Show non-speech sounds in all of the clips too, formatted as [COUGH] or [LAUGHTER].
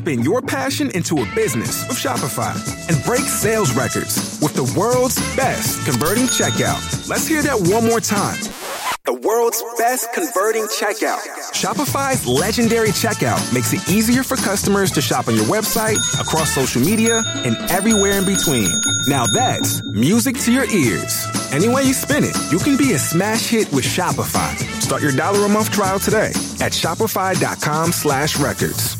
spin your passion into a business with Shopify and break sales records with the world's best converting checkout. Let's hear that one more time. The world's best converting checkout. Shopify's legendary checkout makes it easier for customers to shop on your website, across social media, and everywhere in between. Now that's music to your ears. Any way you spin it, you can be a smash hit with Shopify. Start your dollar a month trial today at shopify.com slash records.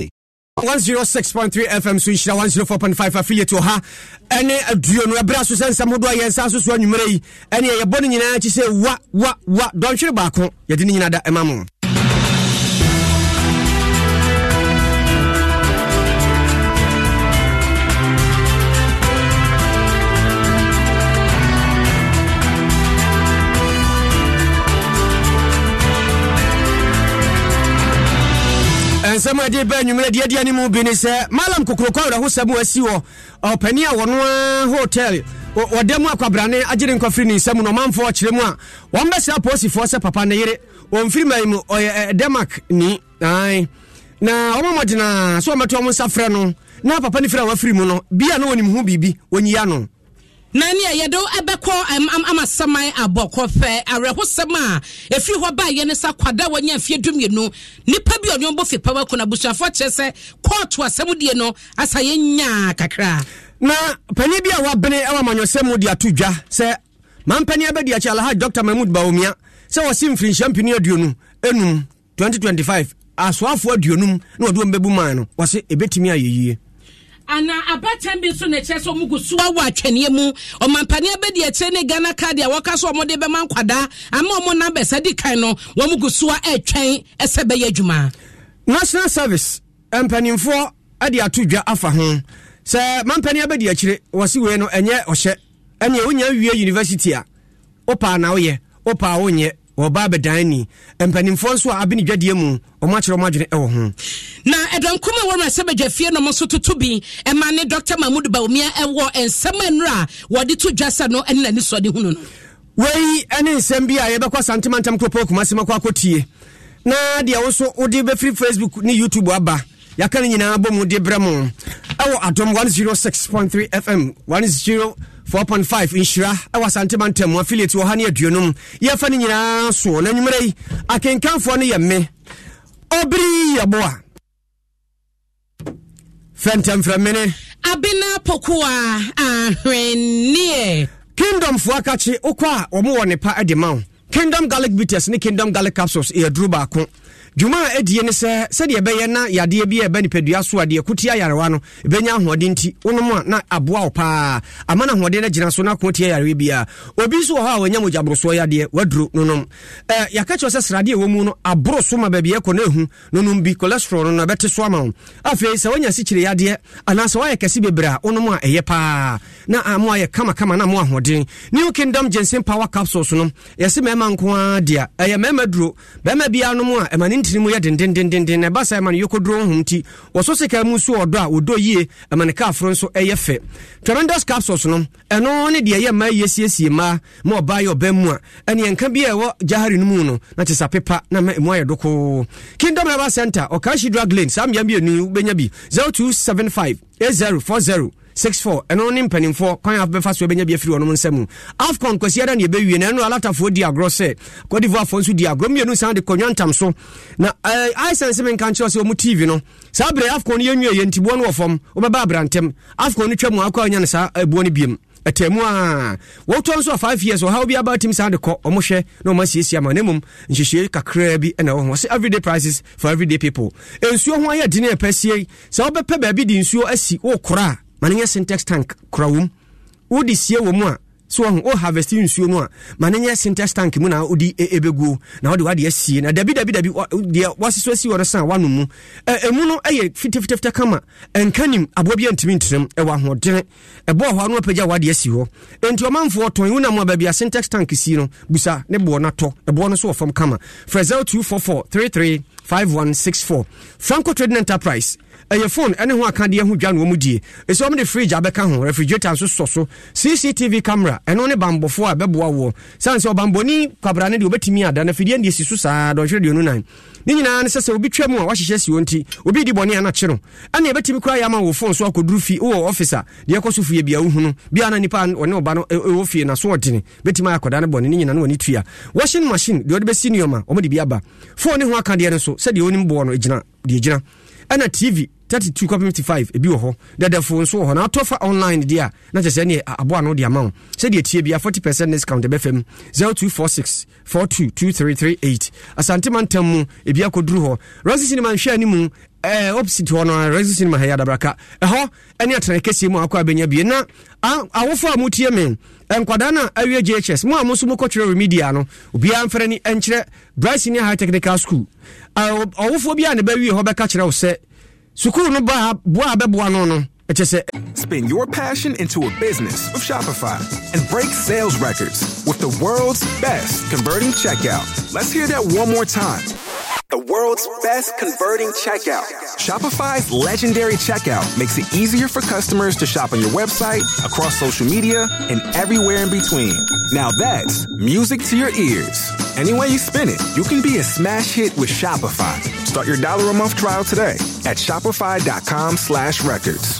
106.3 fm so nhyira 104.5 affiliate wɔ ha ɛne aduo no ɛberɛ so sɛ nsɛm hodoɔ a yɛnsa so so anwummerɛ yi ɛne yɛbɔ no nyinaa kyi sɛ wa wa wa dɔnhwere baako yɛde ne nyina da ɛma mo nsɛm a ɛde bɛ anwummerɛ deɛ deɛ ne mu bi ne sɛ malam kokurokɔ awerɛhosɛm wasi wɔ ɔpani a wɔno a hotel ɔda mu akwabrane agyere nkɔfiri ne nsɛm no ɔmanfoɔ ɔkyerɛ mu a wɔmbɛsrɛ apolisifoɔ sɛ papa ne yere ɔmfiri ma mu ɔyɛ denmark ni ae na ɔmamɔgyena sɛ ɔmɛto ɔmo nsa frɛ no na papa ne firi a wafiri mu no bia na wɔnim ho biribi wɔnyia no Nani a yɛde ɛbɛkɔ amasaman abɔ kɔfɛ awerɛhosɛm a ɛfiri hɔ baa yɛ ne sa kwada wanya mfeɛ dumienu nipa bi ɔne ɔbɔ fipa wako na abusuafoɔ kyerɛ sɛ kɔɔto asɛm die no asa yɛnyaa kakra na panyin bi a wabene ɛwɔ amanyɔsɛm mu de ato dwa sɛ mampanin abɛdi akyi alahaj dr mahmud bawomia sɛ wɔsi mfirinhyia mpini aduonu enum 2025 asoafoɔ aduonum na wɔde wɔn bɛbu man no wɔsi ebɛtumi ayɛ yie anaa abatam bi nso na ɛkyerɛ sɛ gu so awɔ atwene mu ɔmampaneɛ di akyire ne ghana card a wɔka so ɔmode bɛma nkwadaa ama ɔmo nabɛsa di kan no gu soa ɛtwɛn ɛsɛ bɛyɛ adwuma national service mpanimfoɔ de ato dwa afa ho sɛ mampaneɛ bɛdi akyire wɔse wei no ɛnyɛ ɔhyɛ ɛneɛ wonya wie university a wopaa na woyɛ wopaa wonyɛ wɔba abɛdan ni mpanimfoɔ nso a abene dwadeɛ mu ɔmo akyerɛ ɔmo adwene ɛwɔ ho. na ɛdɔnkom a wɔmɛ sɛ badwa fie nom nso toto bi ɛma ne dr mahmud baomia ɛwɔ nsɛm nnura a wɔde to dwa sɛ no ɛne n'ani sɔde hunu no. wei ɛne nsɛm bi a yɛbɛkɔ santemantam kuropɔn kumase makɔ akɔtie na deɛ woso wode bɛfiri facebook ne youtube aba yɛaka no nyinaa bɔ mu de brɛ mo ɛwɔ adom 106.3 fm 106 4.5 nhyira ɛwɔ asantema ntam affiliate wɔ ha ne aduonum yɛfa no nyinaa soɔ na nwumerɛ yi akenkanfoɔ no yɛ me ɔbere yɛboa fɛntɛmfrɛmene abena pokoa ahwenneɛ kingdomfoɔ aka kye wokɔ a wɔmowɔ nepa de ma wo kingdom garlic beaters ne kingdom garlic capsules yɛduru baako dwuma a ɛdie ne sɛ sɛdeɛ ɛbɛyɛ na yadeɛ bi a ɛbɛ nipadua so a deɛ kotia yarewa no ɛbɛnya ahoɔden nti wonom a na aboa wo paa ama no ahoɔden no agyina so na ko tia yarewa biaa obi nso wɔ hɔ a wɔanya mogyaborosoɔ yadeɛ waduro nonom ɛɛ yɛaka kyerɛ sɛ sradeɛ ɛwɔ mu no aboro so ma baabi ɛkɔ na ɛhu nonom bi cholesterol no no ɛbɛte so ama wo afei sɛ woanya sikyire yadeɛ anaasɛ woayɛ kɛse bebree a wonom a ɛyɛ paa na amo ayɛ kamakama na mo ahoɔden new kingdom jensen power capsules no yɛse mmarima nko a dea ɛyɛ mmarima duro bɛrima biara nom a ɛma ntini mu yɛ dendendenden na ɛba saa ɛma no yɛkɔduro ho nti wɔso sika mu nso ɔdɔ a ɔdɔ yie ɛma ne kaaforo nso ɛyɛ fɛ tremendous capsules no ɛno ne deɛ ɛyɛ mmaa yie siesie mmaa ma ɔbaa yɛ ɔbɛn mu a ɛne yɛnka bi a ɛwɔ jahari no mu no na kyesa pepa na ma ɛmu ayɛ dokoo kingdom level center ɔkaahyi drug lane saa mmea mmienu wobɛnya bi 0275 8040 64 ɛno ne mpanimfoɔ kwan a bɛfa so bɛnya bi afiri wɔnom nsa mu afcon kwasiada ne yɛbɛwie na ɛno alatafoɔ di agorɔ sɛ codivoafoɔ nso di agorɔ mmienu san de kɔnwa ntam so na isense menka nkyerɛ sɛ ɔmu tv no saa berɛ afcon no yɛnwie yɛ ntiboɔ no wɔ fam wobɛba abrantɛm afcon no twa mu akɔ anya no saa ɛboɔ no biom ɛtɛmu a wɔtɔ nso a five years ɔhaw bi aba tim saa de kɔ ɔmo hwɛ na ɔmo asiesie ama na mmom nhyehyɛe kakraa bi ɛna ɛwɔ ho ɔsɛ everyday prices for everyday people nsuo ho ayɛ dene ɛpɛ sie sɛ wobɛpɛ baabi de nsuo asi wokora ma nyɛ syntax tank kora wɔ mu wode sie wɔ mu a so ɔho o harvest nsuo mu a ma nyɛ syntax tank mu na wode ɛbɛguo na wode wadeɛ sie na dabi dabi dabi deɛ wasesɔ si wɔre san wanom mu ɛmu no ɛyɛ fitefitefita kama ɛnka nim aboa bi antumi nterem ɛwɔ ahoɔdene ɛbɔɔ hɔ ano apagya wadeɛ si hɔ enti ɔmanfoɔ tɔn wonam a baabi a syntax tank si no busa ne boɔ no atɔ ɛboɔ no so wɔ fam kama frɛ 0244 33 5164 franco trading enterprise ɛyɛ phone ɛne ho akadeɛ ho dwa na wɔn die ɛsɛ wɔn de fridge abɛka ho refrigerator nso sɔ so cctv camera ɛno ne bambɔfoɔ a bɛboa woɔ san sɛ ɔbambɔni kwabra ne deɛ wɔbɛtumi ada na fidie deɛ si so saa dɔnhwere deɛ no nan ne nyinaa ne sɛ sɛ obi twa mu a wahyehyɛ si wɔn ti obi di bɔne anakye no ɛne ɛbɛtumi kora yɛ ama wɔ phone so akɔduru fi wɔ office a deɛ ɛkɔ so fie bia wohunu bia na nipa ɔne ɔba no ɛwɔ fie na so ɔdene bɛtumi ayɛ akɔda ne bɔne ne nyina no wɔne tua washing machine deɛ ɔde bɛsi nneɔma ɔmɔde bi aba phone ne ho akadeɛ no so sɛdeɛ ɔnim boɔ no ɛgyina deɛ gyina ɛna tv thirty two kɔpem fifty five ebi wɔ hɔ dɛdɛfo nso wɔ hɔ na atɔ fa online deɛ a na kyerɛ sɛ ne aboa no de ama wo sɛdeɛ tie bia forty percent discount ɛbɛfa mu zero two four six four two two three three eight asantema ntam mu ebi akɔduru hɔ rɔsi sinima nhwɛ animu ɛɛ opposite hɔ no rɔsi sinima ha yɛ adabraka ɛhɔ ɛne atena kɛseɛ mu akɔ abɛnya bie na awofo a motie me nkwadaa no awie jhs mo a mo nso mokɔtwerɛ remedia no obiaa mfrɛ ni ɛnkyerɛ bright senior high technical school ɔwofoɔ bi a ne bɛwie hɔ bɛka kyerɛ wo sɛ sukuu no baa boa a bɛboa no no Just, Spin your passion into a business with Shopify and break sales records with the world's best converting checkout. Let's hear that one more time. The world's best converting checkout. Shopify's legendary checkout makes it easier for customers to shop on your website, across social media, and everywhere in between. Now that's music to your ears. Any way you spin it, you can be a smash hit with Shopify. Start your dollar a month trial today at shopify.com slash records.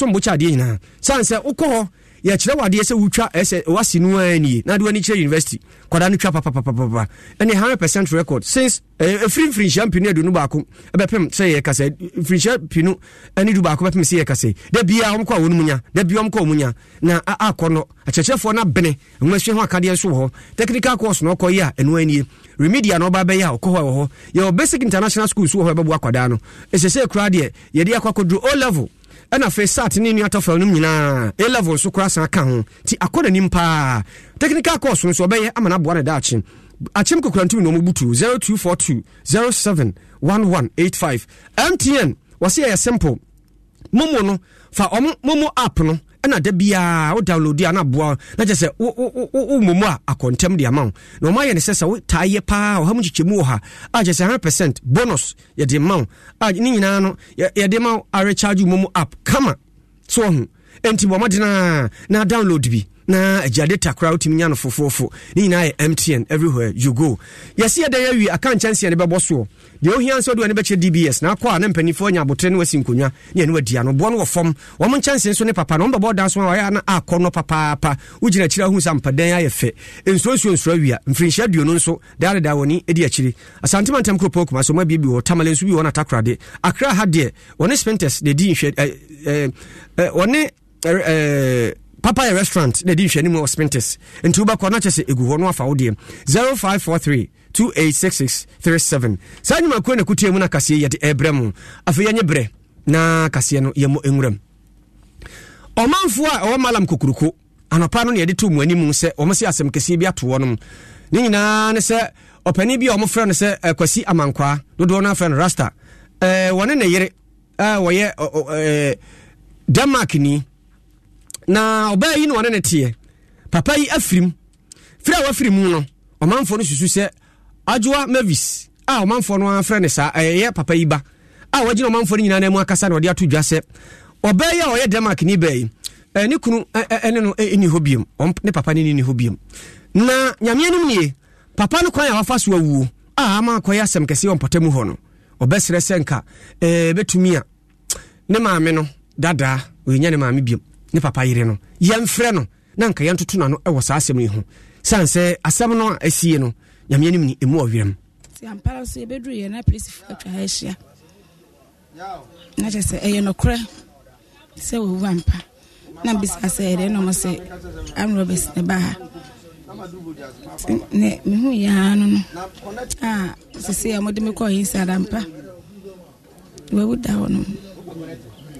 asom bokya adeɛ nyinaa sane sɛ wokɔ hɔ yɛkyerɛ wɔ adeɛ sɛ wotwa ɛsɛ wasi no a nie na de w'ani kyerɛ university kwadaa no twa papapapapa ɛne 100 percent record since ɛfiri eh, mfirinhyia mpinu aduonu baako ɛbɛpem sɛ yɛ kasa mfirinhyia pinu ɛne du baako bɛpem sɛ yɛ kasa da biaa wɔm kɔ a wɔnom nya da biaa wɔm kɔ a wɔm nya na akɔ no akyerɛkyerɛfoɔ no abene nwasua ho akadeɛ nso wɔ hɔ technical course na ɔkɔ yi a ɛno anie remedia na ɔba bɛyɛ a ɔkɔ hɔ ɛwɔ hɔ yɛwɔ basic international school schools wɔ hɔ ɛbɛboa kwadaa no ɛsɛ sɛ kura deɛ yɛde akɔ akɔduru o level ɛna afei sat ne nua tɔfɛl no nyinaa a level nso kora san ka ho nti akɔ n'anim paa technical course no so ɔbɛyɛ ama no aboa ne daakye akyem kokura ntumi na ɔmo 0242 071185 mtn wɔse yɛyɛ simple momo no fa ɔmo momo app no ɛna da biaa wo download a na aboa na kyɛ sɛ wommomu a akɔntɛm de ama wo na ɔma yɛ ne sɛ sɛ wotaa yɛ paa ɔha mu kyekyɛmu wɔ ha a kyɛ sɛ 100 percent bonus yɛde ma wo a ne nyinaa no yɛde ma wo arecharge wo app kama so ɔho ɛnti bɔ mmɔdena na download bi na agyade takora wotumi nya no fofoofo ne nyinaa yɛ mtn everywhere you go yɛsi yɛda yɛ awi aka nkyɛnseɛ ne bɛbɔ soɔ deɛ ohia nso de wɔne bɛkyerɛ dbs na akɔ a ne mpanimfoɔ anya abotire ne wasi nkonnwa ne ɛne wadia no boɔ no wɔ fam wɔm nkyɛnse nso ne papa no ɔmbɛbɔ da so a ɔyɛ na akɔ no papaapa wogyina akyiri ahu sɛ mpadan ayɛ fɛ nsuonsuo nsuro awia mfirinhyia aduonu nso daadedaa wɔne ɛdi akyiri asante mantam kuropɔn kuma so mabiebi wɔ tamale nso bi wɔ no atakorade akra ha deɛ wɔne spintes de di nhwɛ wɔne papa yɛ restaurant na di ɛdi mu wɔ spintis nti wobɛkɔ na kyɛ sɛ ɛgu hɔ no afa wo deɛ 0543 286637 saa nnwumakuo na ɛkotua mu eh, na akaseɛ yɛde ɛbrɛ mu afei yɛnyɛ berɛ na kaseɛ no yɛmmɔ ɛnwuram ɔmanfoɔ a ɛwɔ malam kokuruko anɔpa no ne yɛde too mu animu sɛ ɔmo sɛ asɛm kɛseɛ bi ato nom ne nyinaa ne sɛ ɔpanin bi a ɔmofrɛ no sɛ kwasi amankwaa dodoɔ no afrɛ no rasta eh, wɔne ne yere a eh, wɔyɛ denmark ni na ɔbaa yi na ɔne ne teɛ papa yi afirim firi a wafiri mu no ɔmanfoɔ no susu sɛ adwoa mavis a ɔmanfoɔ no afrɛ ne saa ɛyɛ papa yi ba a wɔgyina ɔmanfoɔ no nyinaa no mu akasa na ɔde ato dwa sɛ ɔbaa yi a ɔyɛ denmark ni baa yi eh, ne kunu ɛne no ni hɔ biom ne papa no ni hɔ biom na nyameɛ nom nie papa no kwan a wafa so awuo a ama akɔyɛ asɛm kɛseɛ ɔmpɔta mu hɔ no ɔbɛserɛ sɛ nka eh, bɛtumi a ne maame no dadaa ɔyɛnya ne maame biom ne papa yere no yɛmfrɛ no na nka yɛntoto no ano wɔ saa asɛm no yi ho sane sɛ asɛm no asie no nyame anim ni ɛmu ɔwerɛm ampara so yɛbɛduruyɛ na sɛ ɛyɛ nokorɛ sɛ wɔwu ampa na bisa sɛ ɛdɛ nom sɛ amrobes ne ba ha ne mehu yɛa no no a sesei a mode mekɔɔ yɛnsi adampa wawu da hɔ nom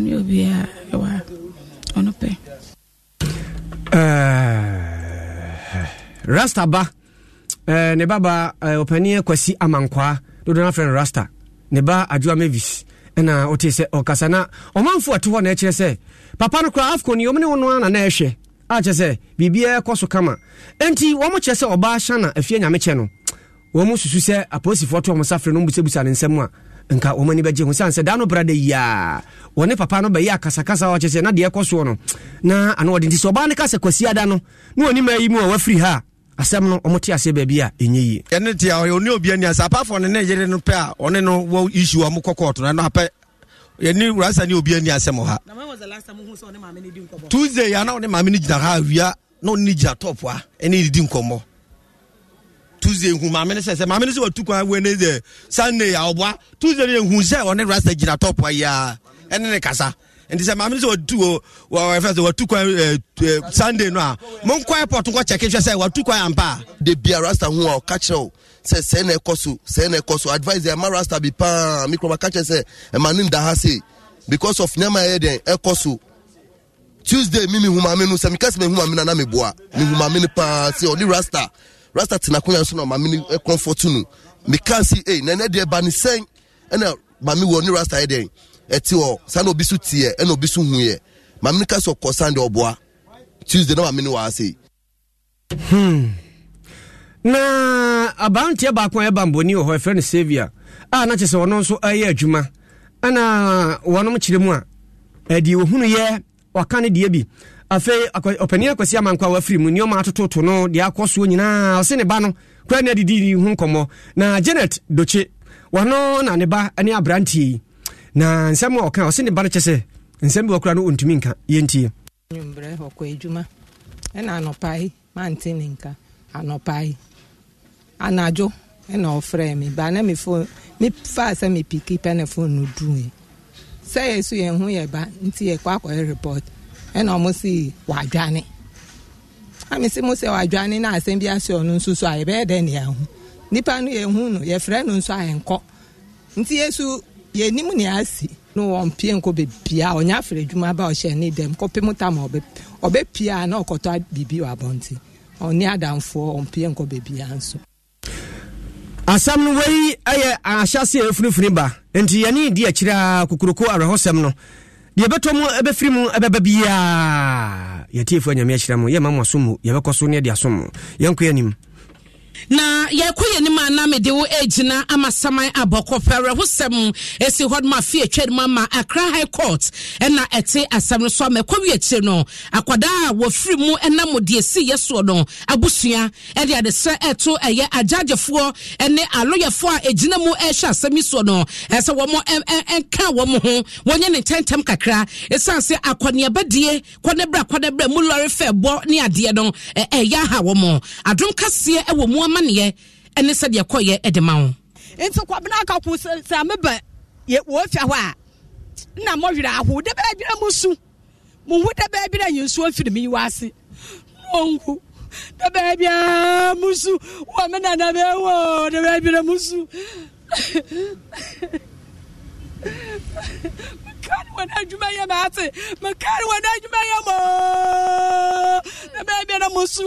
mene obiaa ɛwɔ a ɔno pɛ eh, rasta ba uh, ne baba uh, eh, ɔpani akwasi amankwaa dodo no afrɛ no rasta ne ba adwoa mavis ɛna ɔte sɛ ɔkasa na ɔmanfo ate hɔ na ɛkyerɛ sɛ papa no koraa afco ne ɔm ne ana na ɛhwɛ akyɛ sɛ biribiaa kɔ so kama enti wɔm kyerɛ sɛ ɔbaa hyana afie nyame kyɛ no wɔm susu sɛ apolisifoɔ to ɔm safrɛ no mbusɛbusa ne nsɛm a nka wɔn ani bɛgye ho sane sɛ no brada yi wɔne papa no bɛyɛ akasakasa a ɔkyɛ na deɛ ɛkɔ soɔ no na ano ɔde nti sɛ ɔbaa no ka sɛ kwasiada no na wɔne ma yi mu a wafiri ha asɛm no ɔmote aseɛ baabi a ɛnyɛ yie ɛne te a ɔne obi ani asɛ apafo ne ne yere no pɛ a ɔne no wɔ issue a mo kɔkɔɔto no ɛno apɛ yɛne rasa ne obi ani asɛm ha tuesday ana ɔne maame no gyina ha awia na ɔne no gyina tɔpoa ɛne ne di tuesday nhu maame ne sɛ sɛ maame ne sɛ watu kwan wednesday sunday awɔboa tuesday ne nhu sɛ ɔne rasta gyina tɔpo ayi a ɛne ne kasa nti sɛ maame ne sɛ watu wɔ ɛfɛ sɛ watu kwan sunday no a monkɔ airport nkɔ kyɛke hwɛ sɛ watu kwan ampa a. de bia rasta ho a ɔka kyerɛ o sɛ sɛɛ na ɛkɔ so sɛɛ na ɛkɔ so advice ɛma rasta bi paa mi kura ma ka kyerɛ sɛ ɛma ne da ha se because of nneɛma ɛyɛ den ɛkɔ so tuesday mi mi hu maame no sɛ mi kɛse mi hu maame na na mi boa mi hu maame no paa sɛ ɔne rasta. rasta tena akonnwa so na maame ni kɔnfɔtu eh, no mekan si ee nane deɛ ba ne sɛn ɛna maame wɔ ne rasta yɛ dɛn ɛti hɔ sanni obi so tiɛ ɛna obi so hu yɛ maame ni ka sɔ kɔsan deɛ ɔboa tuesday na maame ni wɔ ase. Hmm. na abanteɛ baako a ɛba mbɔni wɔ hɔ ɛfrɛ no savia a na kyɛ sɛ ɔno nso ɛyɛ adwuma ɛna wɔnom kyerɛ mu a ɛdeɛ wɔhunu yɛ waka no deɛ bi afei ɔpanin akwasi amankwa wafiri mu nneɔma atototo no deɛ akɔ soɔ nyinaa ɔse ne ba no kora ne adididi ho nkɔmmɔ na janet dokye wɔno na ne ba ne aberanteɛ yi na nsɛm a ɔka ɔse ne ba no kyɛ sɛ nsɛm bi wɔkora no ɔntumi nka yɛntie nwumberɛ ɔkɔ adwuma ɛna anɔpae mante ne nka anɔpae anadwo ɛna ɔfrɛ me ba na mefa sɛ mepiki pɛ ne fo no due sɛ yɛ so yɛn ho yɛ ba nti yɛkɔ akɔyɛ report ɛna ɔmo si wadwane ami si mo sɛ wadwane na asɛm bi asi ɔno nso so a yɛbɛyɛ dɛ ne yɛn ho nipa no yɛn hu no yɛfrɛ no nso a yɛn kɔ nti yesu yɛnim ne asi no wɔn pie nko bebia ɔnya afra adwuma ba ɔhyɛ ne dɛm kɔpem tam ɔbɛ ɔbɛ na ɔkɔtɔ bibi wɔ abɔnten ɔne adamfoɔ ɔn pie nko bebia nso. asɛm no wei yɛ ahyɛseɛ ɛfunifuni ba nti yɛne di akyiri a kokuroko awerɛhɔsɛm no deɛ ɛbɛtɔ mu ɛbɛfiri mu ɛbɛba biaa yɛtiefoɔ nyame ahyira mu yɛma mo aso mu yɛbɛkɔ so ne ɛde aso mu yɛnkɔ anim na yɛkɔ yɛ anim a na mede wo agyina ama saman abɔkɔpɛ werɛhosɛm ɛsi hɔ nom afe atwa anim ama akra high court ɛna ɛte asɛm no so ama ɛkɔ wie no akwadaa a wɔfiri mu ɛnam deɛ si yɛ soɔ no abusua ɛde adesrɛ ɛto ɛyɛ agyagyefoɔ ne aloyɛfoɔ a ɛgyina mu ɛrehwɛ asɛm yi soɔ no ɛsɛ wɔn ɛnka wɔn ho wɔnyɛ ne ntɛntɛm kakra ɛsiane sɛ akɔneabadie kɔnɛbrɛ kɔnɛbrɛ mu lɔre fɛ bɔ ne adeɛ no ɛyɛ aha wɔn adom kaseɛ ɛwɔ mu amanneɛ ne sɛdeɛ kɔyɛ de ma wo nti kwabena aka ko sɛ meba wɔfia hɔ a nna mɔwerɛ aho da bɛadwerɛ mu su mo ho da bɛadwerɛ nyinsuo mfiri me ase ɔnku da bɛabiaa mu su wɔ me nana bɛwɔ da bɛadwerɛ mu su mekane wɔn adwuma yɛ me ase mekane wɔn adwuma yɛ mɔɔ da bɛabiara mu su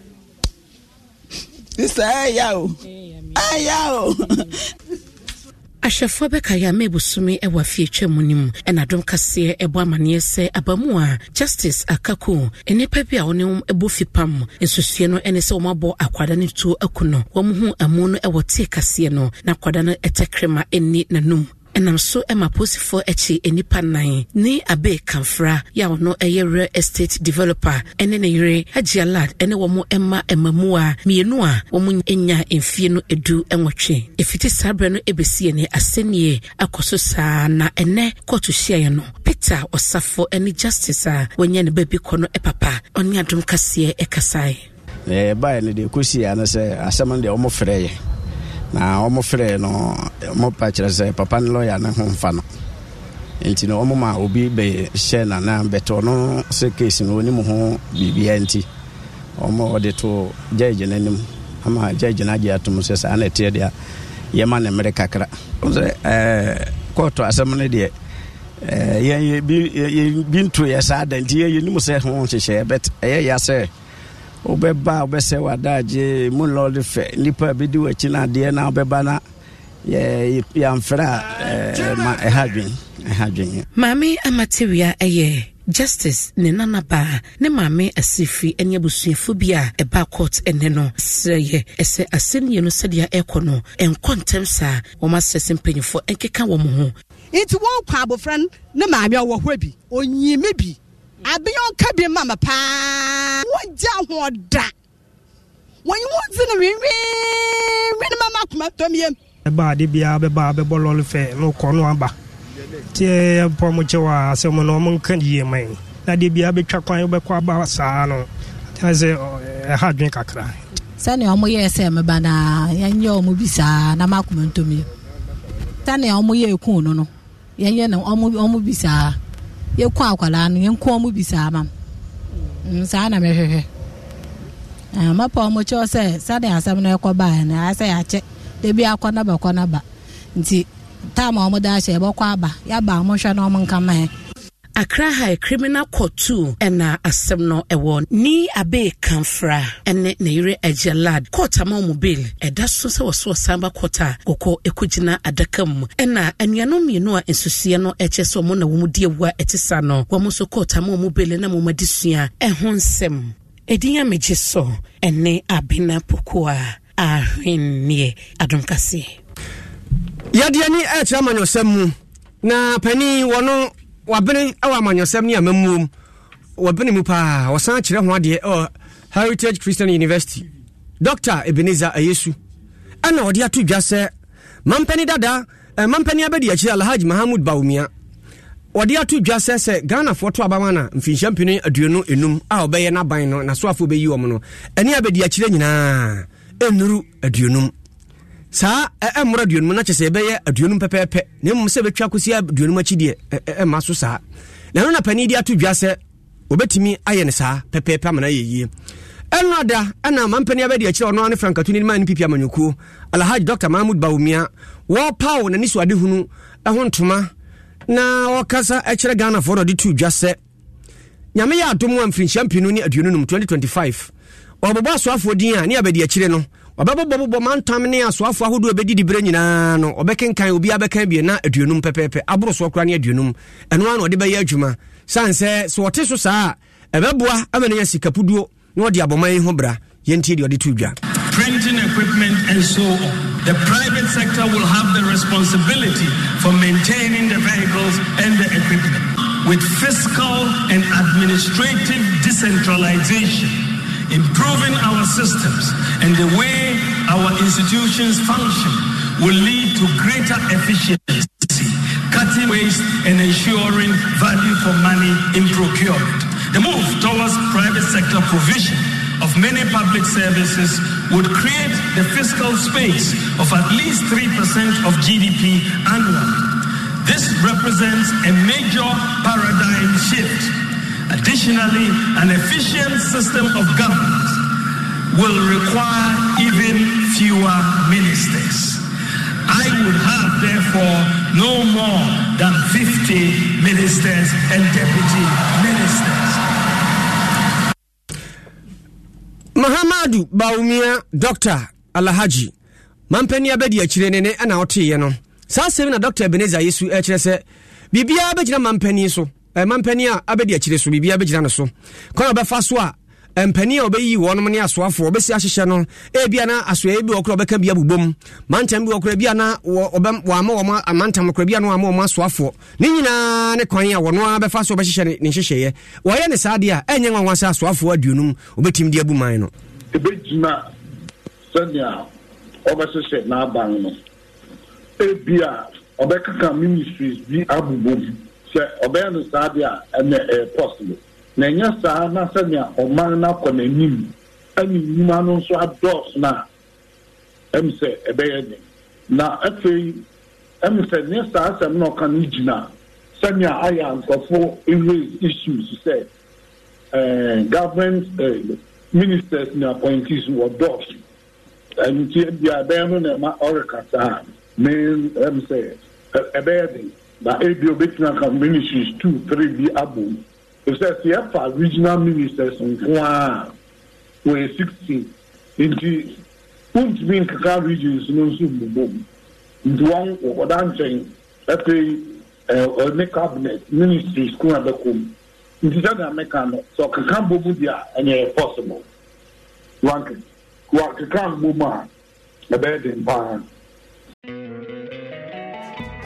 saa ya o ya o ahwɛfoɔ bɛkaeɛ a ma ɛbosome wɔ afietwa mu no mu ɛna dɔm kaseɛ ɛbɔ amanneɛ sɛ abamu a justice akako nnipa bi a wɔne bɔ fipam nsusua no ne sɛ wɔmabɔ akwada no tuo aku no wɔm hu amu no wɔ tee kaseɛ no na akwada no ɛtɛkrɛma ni n'anom ɛnam so ma posifoɔ akyi nnipa nan ne abe kamfra yɛ a ɔno ɛyɛ real estate developer ɛne ne yere agye alad ɛne wɔn ɛma ɛmamuwa mmienu a wɔn nya mfie no edu ɛnwɔtwe efiti saa berɛ no ebesi ne asɛnniɛ akɔ so saa na ɛnɛ kɔɔto hyiaeɛ no peter ɔsafo ɛne justice a wɔnyɛ ne baabi kɔ no ɛpapa ɔne adom kaseɛ ɛkasaeɛ. ɛɛ baayɛ no deɛ kɔsi ano sɛ asɛm no deɛ wɔn frɛ yɛ na wɔn frɛ no wɔn pa kyerɛ sɛ papa ne lɔya ne ho nfa no nti no wɔn ma obi bɛ hyɛ nana bɛtɔ no sɛ keesi no onim ho biribiara nti wɔn wɔde to gyɛɛgye n'anim ama gyɛɛgye n'agye atum sɛ saa na ɛteɛ deɛ yɛma ne mmere kakra sɛ ɛɛ kɔɔtɔ asɛm no deɛ ɛɛ yɛn yɛ bi yɛ yɛ saa da nti yɛ sɛ ho nhyehyɛ bɛt ɛyɛ yɛ asɛ. wobɛba a wobɛsɛ w'adagye mu lɔde fɛ nnipa a bɛdi w'akyi no adeɛ na wobɛba na yɛmfrɛ a eh, ma ɛha dwen ɛha dwen maame amatewia ɛyɛ justice ne nanabaa ne maame asifiri ne abusuafo bi a ɛba court ɛnɛ no srɛyɛ ɛsɛ asɛnnue no sɛdeɛ ɛrekɔ no ɛnkɔ ntɛm saa wɔm asrɛ sɛ mpanyimfoɔ ɛnkeka wɔ ho nti wɔnkɔ abɔfra no ne maame ɔwɔ hɔ bi ɔnyime bi abịa ọka bi paa ahụ ọda wọnyi wọn di na wiwiwi ni mama kuma tọ m ɛba ade biara bɛba bɛbɔ lɔri fɛ n'okɔ no aba tiɛ mpɔ mo kyɛ wɔ asɛm no ɔmo nka yie saa no ɛha kakra. Sani ɔmo yɛ sɛ na ɔmo bi saa na ma kuma yɛkɔ akwadaa no yɛnkɔn mu bisaa ma mm, saa na mɛhwehwɛ ah, mapa ɔmo kyɛw sɛ sade asɛm no ɛkɔ baeɛ no ayɛ sɛ yɛakyɛ da akɔ naba kɔ naba nti taama ɔmo ahyɛ aba ɔmo hwɛ na ɔmo nka ma Accra High Criminal Court 2 ɛna asɛm no ɛwɔ ni abe kamfra ɛne ne yere agya court ama mu bail ɛda so sɛ wɔso ɔsan ba court a kɔkɔ ɛkɔgyina adaka mu ɛna anuanom mmienu a nsusuɛ no ɛkyɛ sɛ ɔmo na wɔn di awu a ɛte sa no wɔn nso court ama mu bail na wɔn adi sua ɛho nsɛm ɛdin amegye so ɛne abena pokoa ahwenneɛ adomkaseɛ yadeɛ ne ɛkyerɛ amanyɔsɛm mu na panin wɔno wabene ɛwɔ amanyɔsɛm ne amamuom wabene mu paa wɔsan kyerɛ ho adeɛ ɛwɔ heritage christian university dr ebeneza ayesu ɛna ɔde ato dwa sɛ mampani dada eh, mampani abɛdi akyiri alhaji mahamud baumia wɔde ato dwa sɛ sɛ ghanafoɔ to abama no mfinhyia mpini aduonu enum a ɔbɛyɛ n'aban no nasoafoɔ bɛyi wɔm no ɛne abɛdi akyirɛ nyinaa ɛnuru aduonum saa ɛmmoro eh, eh, aduonum no kyɛ sɛ ɛbɛyɛ aduonum pɛpɛɛpɛ na mmom sɛ ɛbɛtwa duonu aduonum akyi deɛ ɛma eh, so saa na ɛno na pani de ato dwa sɛ wɔbɛtumi ayɛ no saa pɛpɛɛpɛ amana yɛ yie ɛno da ɛna mampani abɛde akyerɛ ɔno ne frankato no ma no pipi amanyɔkuo alhaj dr mahmud baomia wɔpaw na so ade hunu ɛho ntoma na wɔkasa ɛkyerɛ ghanafoɔ no ɔde to dwa sɛ nyame yɛ adom a mfirinhyia mpinu ne num 2025 ɔbɛbɔ asoafoɔ din a ne abɛde akyire no ɔbɛbɔbɔbɔbɔ mantam ne asoafoɔ ahodoɔ bɛdidi berɛ nyinaa no ɔbɛkenkan obi abɛka bi na aduonum pɛpɛɛpɛ so kora ne aduonum ɛno a na ɔde bɛyɛ adwuma san sɛ sɛ ɔte so saa a ɛbɛboa ama no nya sikapuduo na ɔde abɔman yi ho bra yɛntie deɛ ɔde to dwa printing equipment and so on the private sector will have the responsibility for maintaining the vehicles and the equipment with fiscal and administrative decentralization improving our systems and the way our institutions function will lead to greater efficiency, cutting waste, and ensuring value for money in procurement. The move towards private sector provision of many public services would create the fiscal space of at least 3% of GDP annually. This represents a major paradigm shift Additionally, an efficient system of government will require even fewer ministers. I would have, therefore, no more than 50 ministers and deputy ministers. Mahamadu Baumia Dr. Alahaji mampani abɛdi akyire ne ne ɛna ɔteeɛ no saa asɛm na dr ebenezer yesu ɛkyerɛ eh, sɛ eh, biribiara bɛgyina mampani so Eh, mampanin a abɛdi akyire so biribia bɛgyina no so kwan a ɔbɛfa so a eh, mpanin a ɔbɛyi wɔnom ne asoafoɔ ɔbɛsi ahyehyɛ no ebia eh, na asoɛ bi wɔkora ɔbɛka bi abobom mantam bi wɔkora ah, bia na wɔama wɔm amantam kora bia na wɔama wɔm asoafoɔ ne nyinaa ne kwan a wɔno a bɛfa so ɔbɛhyehyɛ ne nhyehyɛeɛ wɔyɛ ne saa deɛ a ɛnyɛ nwanwa sɛ asoafoɔ aduonum ɔbɛtumi di abu man no ɛbɛgyina sɛnea ɔbɛhyehyɛ n'aban no ebia ɔbɛkeka ministries bi abobom sɛ ɔbɛyɛ no saa deɛ a na ɛnyɛ saa na sɛnea ɔman no n'anim ɛne nnwuma no nso adɔɔso no ɛm sɛ ɛbɛyɛ ne na afei ɛm sɛ ne saa asɛm na ɔka no gyina sɛnea ayɛ nkɔfo issues sɛ ɛɛ government ɛɛ ministers ne appointees wɔ dɔɔso ɛnti na ɛma ɔrekasa na ebi obetumi aka ministries two three bi abɔ mu efisɛ sɛ yɛfa regional ministers uh, uh, nko a wɔyɛ sixteen nti wontumi nkeka regions no nso mmobɔ mu nti wɔn wɔkɔda nkyɛn afei ɛɛ ɔne cabinet ministries ko a bɛkɔ mu nti sɛdeɛ mɛka no sɛ ɔkeka bɔ mu deɛ ɛnyɛ possible wankeka wankeka mbɔ mu a ɛbɛyɛ den paa.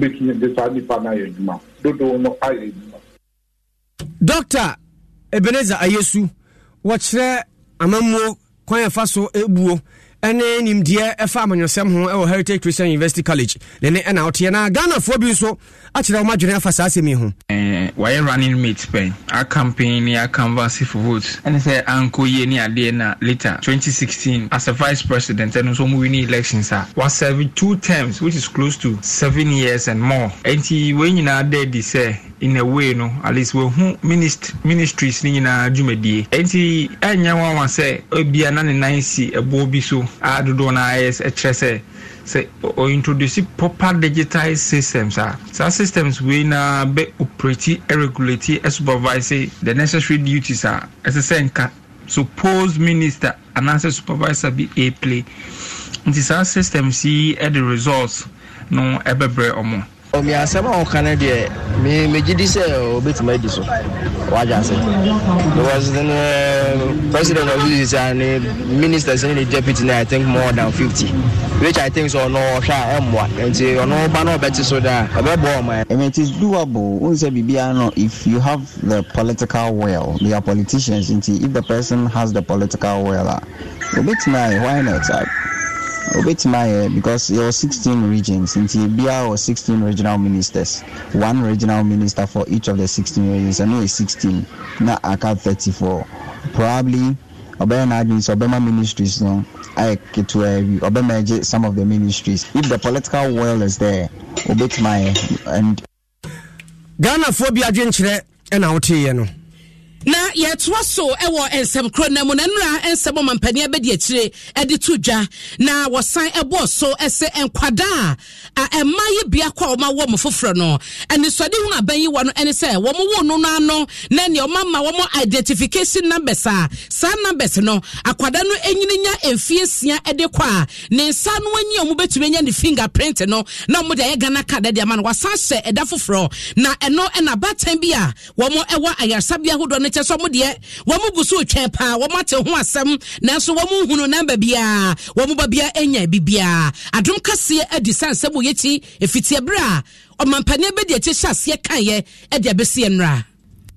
wobɛtumi de saa nnipa no ayɛ adwuma dodoɔ no ayɛ adwuma dɔkta ebeneza ayesu wɔkyerɛ amammuo kwan ɛfa so ɛbuo ɛne nimdeɛ ɛfa amanyɔsɛm ho ɛwɔ heritage christian university college ne ne ɛna woteɛ na ghanafoɔ bi nso akyerɛ wɔm adwene afa saa asɛm yi ho eh, wɔyɛ running mate pɛn acampaign ne acanvase for vote ɛne sɛ ankɔ yie ne adeɛ na later 2016 as a vice president ɛno nso ɔmuwini elections a waserve two terms which is close to seven years and more ɛnti wei nyinaa dɛ di sɛ in a way no at least we wɔhu ministries ne nyinaa dwumadie nti ɛnyɛ nwanwa sɛ ebia na ne nan si ɛboɔ bi so a dodoɔ no ayɛ kyerɛ sɛ sɛ ɔintroduce proper digital systems a ah. saa systems wei na bɛ operate regulate supervise the necessary duties a ah. ɛsɛ sɛ nka suppose minister anaasɛ supervisor bi ɛreplay nti saa systems yi ɛde results no ɛbɛbrɛ ɔmo omi asɛm a ɔka no deɛ me di sɛ ɔbɛtumi adi so wagye ase because the president of this and the ministers uh, ne the deputy na i think more than 50 which i think sɛ ɔno ɔhwɛ a ɛmmoa nti ɔno ba no ɔbɛte so da ɛbɛbɔ ɔma I it is doable wohu sɛ biribiara no if you have the political will they are politicians nti if the person has the political will a uh, wɔbɛtumi ayɛ why not uh? wobɛtumi ayɛ because there yɛwɔ 16 regions nti biara wɔ 16 regional ministers one regional minister for each of the 16 regions I know it's 16 not I aka 34 probably ɔbɛyɛ n'adwene sɛ ɔbɛma ministries no ayɛ ketewa bi ɔbɛma agye some of the ministries if the political will is there wobɛtumi ayɛ and ghanafoɔ bi adwenkyerɛ ɛna woteeɛ no na yɛtoa so wɔ nsɛm korɔ no mu na nnura nsɛm ɔmampani bɛdi akyire de to dwa na wɔsan bɔɔ so sɛ nkwadaa a ɛma yɛ bea kɔ a wɔma wɔ mo foforɔ no ɛnisɔde ho abayiwa no ne sɛ wɔn wo no no ano na nea ɔma ma wɔn identification numbers a saa numbers no akwadaa no nyini nya mfie nsia de kɔ a ne nsa no anyi a wɔn bɛtumi ne fingerprint no na wɔn de ayɛ ghana card de ama no wasan hyɛ ɛda foforɔ na ɛno ɛna abatan bi a wɔn wɔ ayaresabea ahodoɔ no kyɛ sɛ ɔmo deɛ wɔn gu so twɛn paa wɔn ate ho asɛm nanso wɔn hunu namba biara wɔn ba biara anya bi biara adum adi sa nsɛm wɔyɛ akyi efitie bere a ɔmampanin bɛ akyi hyɛ aseɛ kan yɛ ɛde abɛsi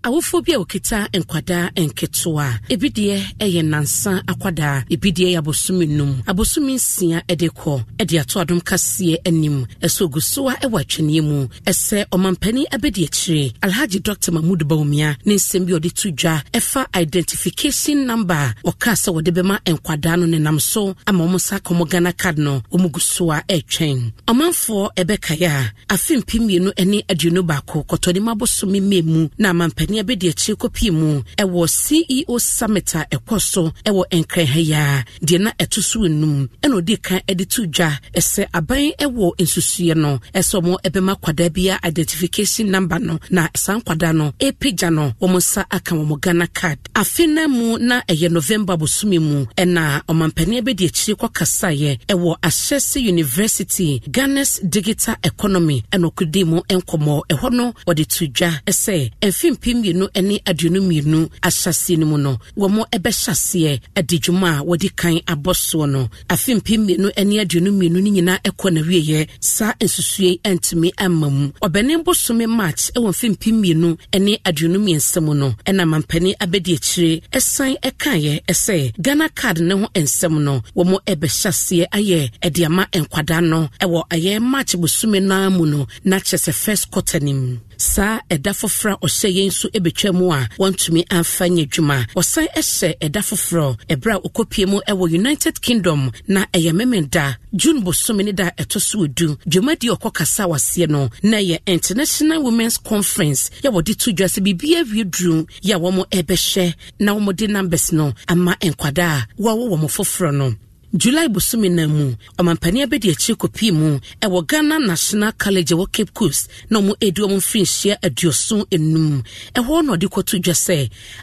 awofoɔ bi a wɔkita nkwadaa nketewa ebi deɛ yɛ nansa akwadaa ebi deɛ yɛ abosomi num abosomi nsia de kɔ de ato adom kaseɛ anim ɛsɛ ogusoa wɔ atwenneɛ mu ɛsɛ ɔmampanin abɛdi akyire alhaji dr mahmud baumia ne nsɛm bi ɔde to dwa ɛfa identification number ɔkaa sɛ wɔde bɛma nkwadaa no nenam so ama ɔmo sa kɔmɔ ghana card no ɔmo gusoa ɛretwɛn ɔmanfoɔ ɛbɛkaeɛ a afe mpem mmienu ne aduonu baako kɔtɔnemu abosomi mmee na amampanin ne ɛbɛdi akyiri kɔpii mu ɛwɔ ceo summit a ɛkɔ so ɛwɔ nkranha yi a deɛ na ɛto so enum ɛna odi kan ɛde to dwa ɛsɛ aban ɛwɔ nsusuɛ no ɛsɛ wɔn ɛbɛma kwadaa bi identification number no na saa nkwadaa no ɛpagya no wɔn nsa aka wɔn ghana card afe na mu na ɛyɛ november bosome mu ɛna ɔmampanin ɛbɛdi akyiri kɔ kasaeɛ ɛwɔ ahyɛse university ghana's digital economy ɛna ɔkudi mu nkɔmɔ ɛhɔ no wɔde to dwa ɛsɛ mfimfin mmienu ne aduonu mmienu ahyɛseɛ no mu no wɔn bɛhyɛ aseɛ de dwuma a wɔde kan abɔ soɔ no afe mpem mmienu ne aduonu mmienu no nyinaa kɔ na wieɛ saa nsusue ntumi ama mu ɔbɛne bosome march wɔ mfe mmienu ne aduonu mmiɛnsa mu no ɛna mampani abɛdi akyire ɛsan ɛkaeɛ ɛsɛ ghana card ne ho nsɛm no wɔn bɛhyɛ aseɛ ayɛ de ama nkwadaa no wɔ ɛyɛ march bosome no mu no na kyerɛ sɛ first quarter no mu saa ɛda foforɔ a ɔhyɛ yɛn nso bɛtwa mu a wɔntumi amfa nyɛ adwuma ɔsan hyɛ ɛda foforɔ ɛberɛ a ɔkɔpie mu ɛwɔ united kingdom na ɛyɛ memenda june bosome ne da a ɛtɔ so edu dwumadie ɔkɔ kasa waseɛ no na ɛyɛ international women's conference yɛ wɔde to dwa sɛ biribi awie duru yɛ a wɔn ɛbɛhyɛ na wɔde numbers no ama nkwadaa wɔawɔ wɔn foforɔ no july bosome na mu ɔmampanin abɛdi akyire kɔpii mu ɛwɔ ghana national college ɛwɔ cape coast na ɔmo Edu ɔmo mfirinhyia aduoson enum ɛhɔ na ɔde kɔto dwa sɛ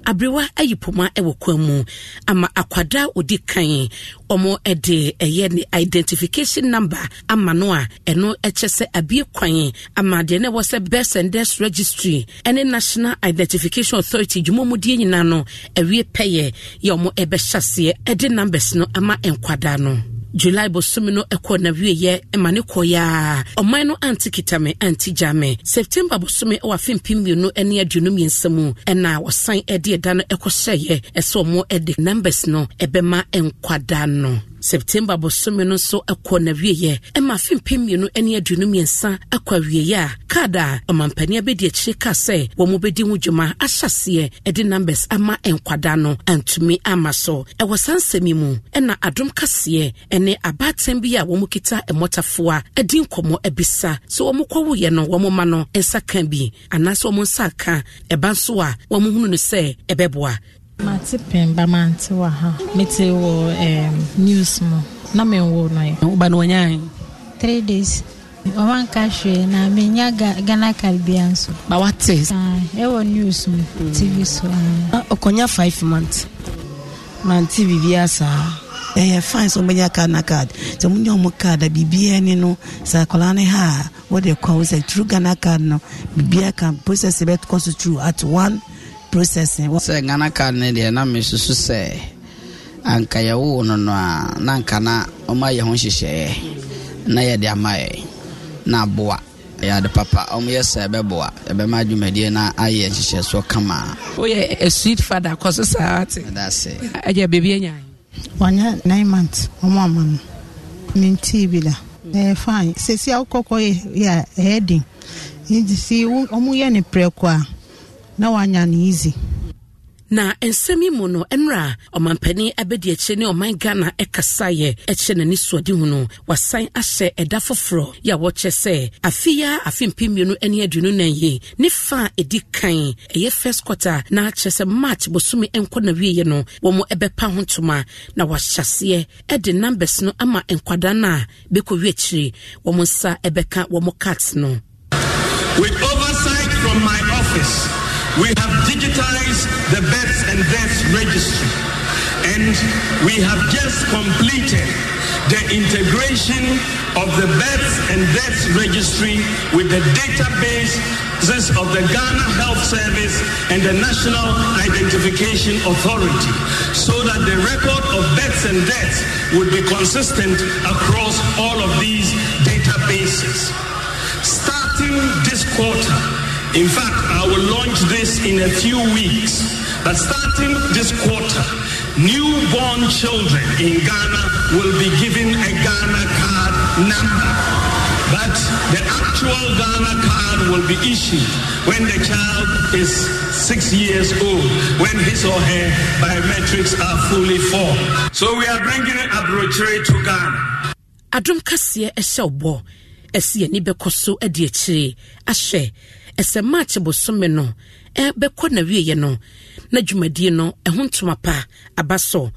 aberewa ayi poma ɛwɔ kwan mu ama akwadaa odi kan ɔmo ɛde ɛyɛ ne identification number ama no a ɛno ɛkyɛ sɛ abie kwan ama deɛ na ɛwɔ sɛ birth and death registry ɛne national identification authority dwuma mu die nyinaa no ɛwie pɛyɛ yɛ ɔmo ɛbɛhyɛ aseɛ ɛde numbers no ama nkwadaa daadaa no july bosome no ɛkɔ nawieyɛ ma ne kɔeɛ a ɔman no ante kita me ante gya me september bosome wɔ afempem mmienu ne aduonu mmiɛnsa mu ɛna wɔsan de ɛda no ɛkɔhyɛeɛ ɛsɛ ɔmo de numbers no ɛbɛma nkwadaa no september bosome no nso kɔ n'awieeɛ ɛma mpe mmienu ne aduonu mmiɛnsa akɔ awieeɛ a card a ɔmampani bɛdi akyiri ka sɛ wɔn mu bɛdi ho dwuma ahyɛseɛ ɛde numbers ama nkwadaa no antumi ama so ɛwɔ saa nsɛm yi mu ɛna adom kaseɛ ne abaatan bi a wɔn kita mmɔtafoa di nkɔmmɔ abisa sɛ wɔn kɔwoyɛ no wɔn ma no nsa ka bi anaasɛ wɔn nsa ka ɛba nso a wɔn hunu no sɛ ɛbɛboa mate pɛn ba mante wɔ ha mete wɔ news mu na menwo no ɛ woba no wɔnyae three days ɔmanka hwee na menya ghana card bia nso ba wate ɛwɔ ah, e news mu hmm. tv so ɔkɔnya ah. five month mante biribia saa eh, ɛyɛ eh, fine sɛ wobɛnya card na card sɛ monya ɔmo card a biribiaa ni no sɛ akwadaa ha a wɔde kɔ wo sɛ tru ghana card no biribia ka process bɛkɔ so tru at one processing. sɛ ghana ne deɛ na mesusu sɛ anka yɛwoo no no a na anka na ɔma yɛ ho hyehyɛeɛ na yɛde ama na aboa yɛade papa ɔmoyɛ sɛ ɛbɛboa ɛbɛma adwumadie na ayɛ nhyehyɛsoɔ kama woyɛ a sweet kɔ so anya nine ama no mentii bi da ɛyɛ fine wokɔkɔ yɛ ɛyɛ den nti si a na wanya na easy na nsɛm yi mu no mmerɛ ɔmampanin abɛdi akyire ne ɔman ghana kasaeɛ n'ani soɔde no wasan ahyɛ ɛda foforɔ yi a wɔkyɛ sɛ a ne aduonu nan yi ne fa a ɛdi kan ɛyɛ first quarter na akyerɛ sɛ march bosome nkɔ na wieɛ no wɔn bɛpa ho ntoma na nkwadaa no a bɛkɔ wie akyire wɔn nsa bɛka wɔn cards We have digitized the births and deaths registry. And we have just completed the integration of the births and deaths registry with the databases of the Ghana Health Service and the National Identification Authority so that the record of births and deaths would be consistent across all of these databases. Starting this quarter, in fact, I will launch this in a few weeks. But starting this quarter, newborn children in Ghana will be given a Ghana card number. But the actual Ghana card will be issued when the child is six years old, when his or her biometrics are fully formed. So we are bringing Abrochere to Ghana. Adum kaseɛ ɛhyɛ ɔbɔ ɛsi so ɛsɛ march bosome no ɛbɛkɔ na wieɛ no na dwumadie no ɛho ntoma pa aba so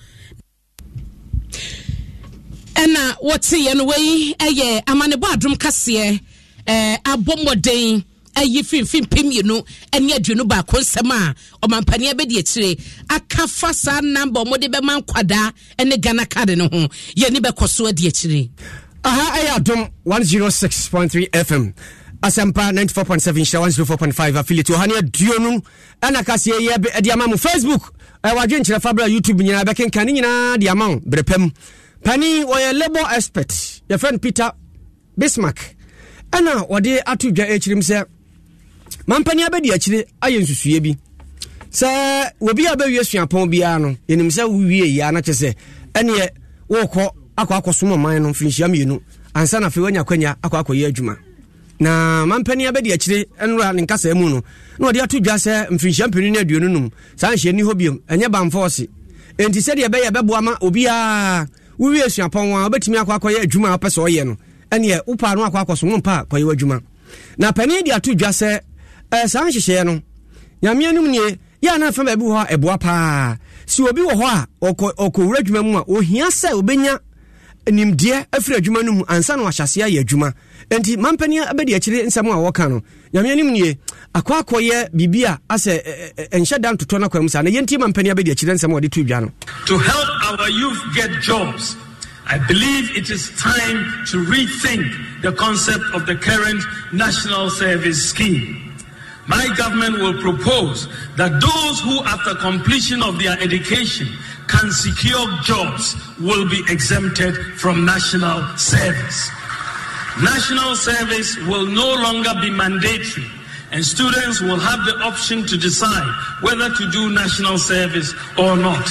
ɛna wɔteeɛ no wei ɛyɛ amanebɔ adom kaseɛ ɛɛ abɔ mmɔden ayi finfin mmienu ɛne aduonu baako nsɛm a ɔmampanin bɛdi akyire aka fa saa namba wɔde bɛma nkwadaa ɛne ghana card no ho yɛni bɛkɔ so adi akyire aha ɛyɛ adom 106.3 fm asɛmpa 94.7 hyira 104.5 affiliate ɔhane aduo no ɛna kaseɛ yɛ de ama mo facebook wadwe nkyerɛ fa berɛ youtube nyinaa bɛkenka ne nyinaa de ama wo berɛ pam pani wɔyɛ labor expert yɛfrɛ friend peter bismark ɛna wɔde ato dwa akyirim e sɛ mampani abɛdi akyire ayɛ nsusue bi sɛ obi a bɛwie suapɔn biara no yɛnim sɛ wowie yia na kyɛ sɛ ɛneɛ wokɔ akɔ akɔsom ɔman no mfirinhyia mmienu ansa na afei woanya kwanya akɔ akɔyɛ adwuma na mampani abɛdi akyire nnora ne nkasa mu no na ɔde ato dwa sɛ mfirinhyia mpani no aduonu nom saa nhyia ni hɔ biom ɛnyɛ bamfɔɔse nti sɛdeɛ ɛbɛyɛ ɛbɛboa ma obiaa wowie suapɔn a wobɛtumi akɔ akɔyɛ adwuma a wopɛ sɛ ɔyɛ no ɛneɛ wopa no akɔ akɔ so wompa kɔyɛ w'adwuma na pani de ato dwa sɛ ɛɛ saa nhyehyɛeɛ no nyameɛ nom nie yɛ na afa baabi wɔ hɔ a ɛboa paa si obi wɔ hɔ a ɔkɔwura adwuma mu a ɔhia sɛ obɛnya nimdeɛ afiri adwuma no mu ansa no ahyase ayɛ adwuma enti mampani abɛdi akyire nsɛm a wɔka no nyame nim nie akɔakɔyɛ biribi a asɛ ɛnhyɛ da ntotɔ no akwan mu saa na yɛnti mampani abɛdi akyire nsɛm a wɔde to dwa no to help our youth get jobs I believe it is time to rethink the concept of the current national service scheme. My government will propose that those who, after completion of their education, can secure jobs will be exempted from national service. National service will no longer be mandatory and students will have the option to decide whether to do national service or not.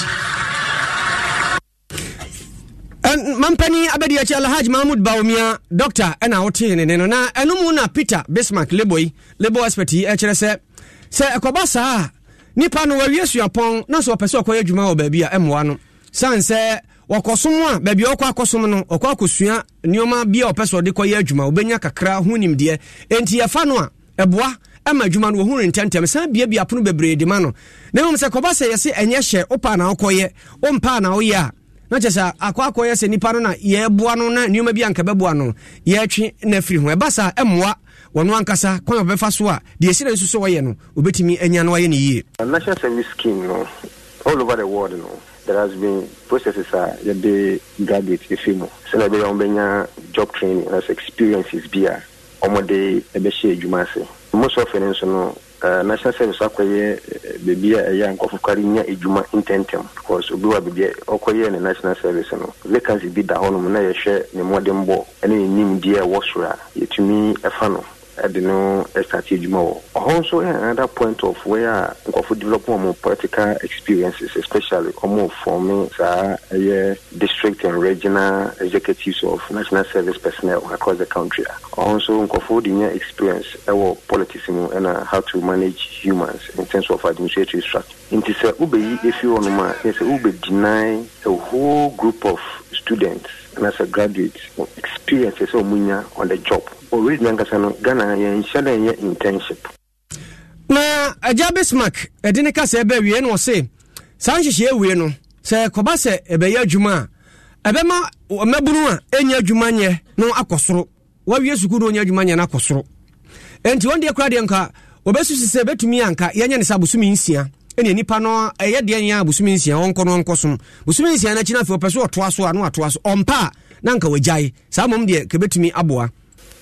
mampani abadi akyi alhaj mahmud baomia doctor ɛna wote ne ne no na ɛno mu na peter bismark lebo lebo expert yi ɛkyerɛ sɛ e. sɛ ɛkɔba saa a nipa no wawie suapɔn na sɛ ɔpɛ sɛ ɔkɔyɛ adwuma wɔ baabi a ɛmmoa no sane sɛ wɔkɔsom a baabi a ɔkɔ akɔsom no ɔkɔ akɔsua nneɔma bi a ɔpɛ sɛ ɔde kɔyɛ adwuma wɔbɛnya kakra ho nimdeɛ enti yɛfa no a ɛboa ɛma adwuma no wɔhunu ntɛmtɛm san biabia pono bebree de ma no na mmom sɛ kɔba sɛ yɛse ɛnyɛ hyɛ wopaa na wokɔyɛ wompaa na woyɛ a na kyɛ sɛ akɔ akɔyɛ sɛ nipa no na yɛboa no na nneɔma bi anka bɛboa no yɛtwe na afiri ho ɛba saa ɛmmoa wɔno ankasa kwan a ɔbɛfa so a deɛ ɛsi na nso sɛ wɔyɛ no obɛtumi anya na wayɛ no yie uh, national service scheme no all over the world no there has been processes uh, a yɛde graduate ɛfiri mu sɛna ɛbɛyɛ ɔmbɛnya job training nas experiences bi a uh, ɔmɔde ɛbɛhyɛ adwuma ase most often nso no Uh, national service akɔyɛ baabi a ɛyɛ a nkɔfo kware nya adwuma ntɛntɛm because obi wa baabi a ɔkɔyɛ ne national service no vacancy bi da hɔnom na yɛhwɛ ne mmɔdenbɔ ne ne nimdeɛ ɛwɔ soro a yɛtumi ɛfa no ɛde no ɛstate adwuma wɔ ɔhɔ nso ɛ eh, another point of way a nkɔfo develop ɔmo practical experiences especially ɔmo fɔme saa ɛyɛ district and regional executives of national service personnel across the country a ɔhɔ nso nkɔfo de nya experience ɛwɔ politics mu ɛna how to manage humans in terms of administrative structure nti sɛ wobɛyi ɛfi hɔ nom a yɛ sɛ a whole group of students and as a graduate experience ɛsɛ ɔmo nya on the job ɔredi nankasa ghana yɛnhyɛ dɛ ɛnyɛ internship na agya bismark ɛde ne kasa ɛbɛ wie na ɔse saa nhyehyɛ wie no sɛ kɔba sɛ ɛbɛyɛ adwuma a ɛbɛma mmabunu a ɛnya adwuma nyɛ no akɔ soro wawie sukuu no ɔnya adwuma nyɛ no akɔ soro ɛnti wɔn deɛ kora deɛ nka wɔbɛsusi sɛ ɛbɛtumi anka yɛnyɛ ne sɛ abosomi nsia ɛne nipa no ɛyɛ eh, deɛ nyɛ abosomi nsia ɔnkɔ no ɔnkɔ som bosomi nsia no akyi no afei ɔpɛ so ɔtoa so a na watoa so ɔmpa a na anka wagyae saa mmom deɛ kɛbɛtumi aboa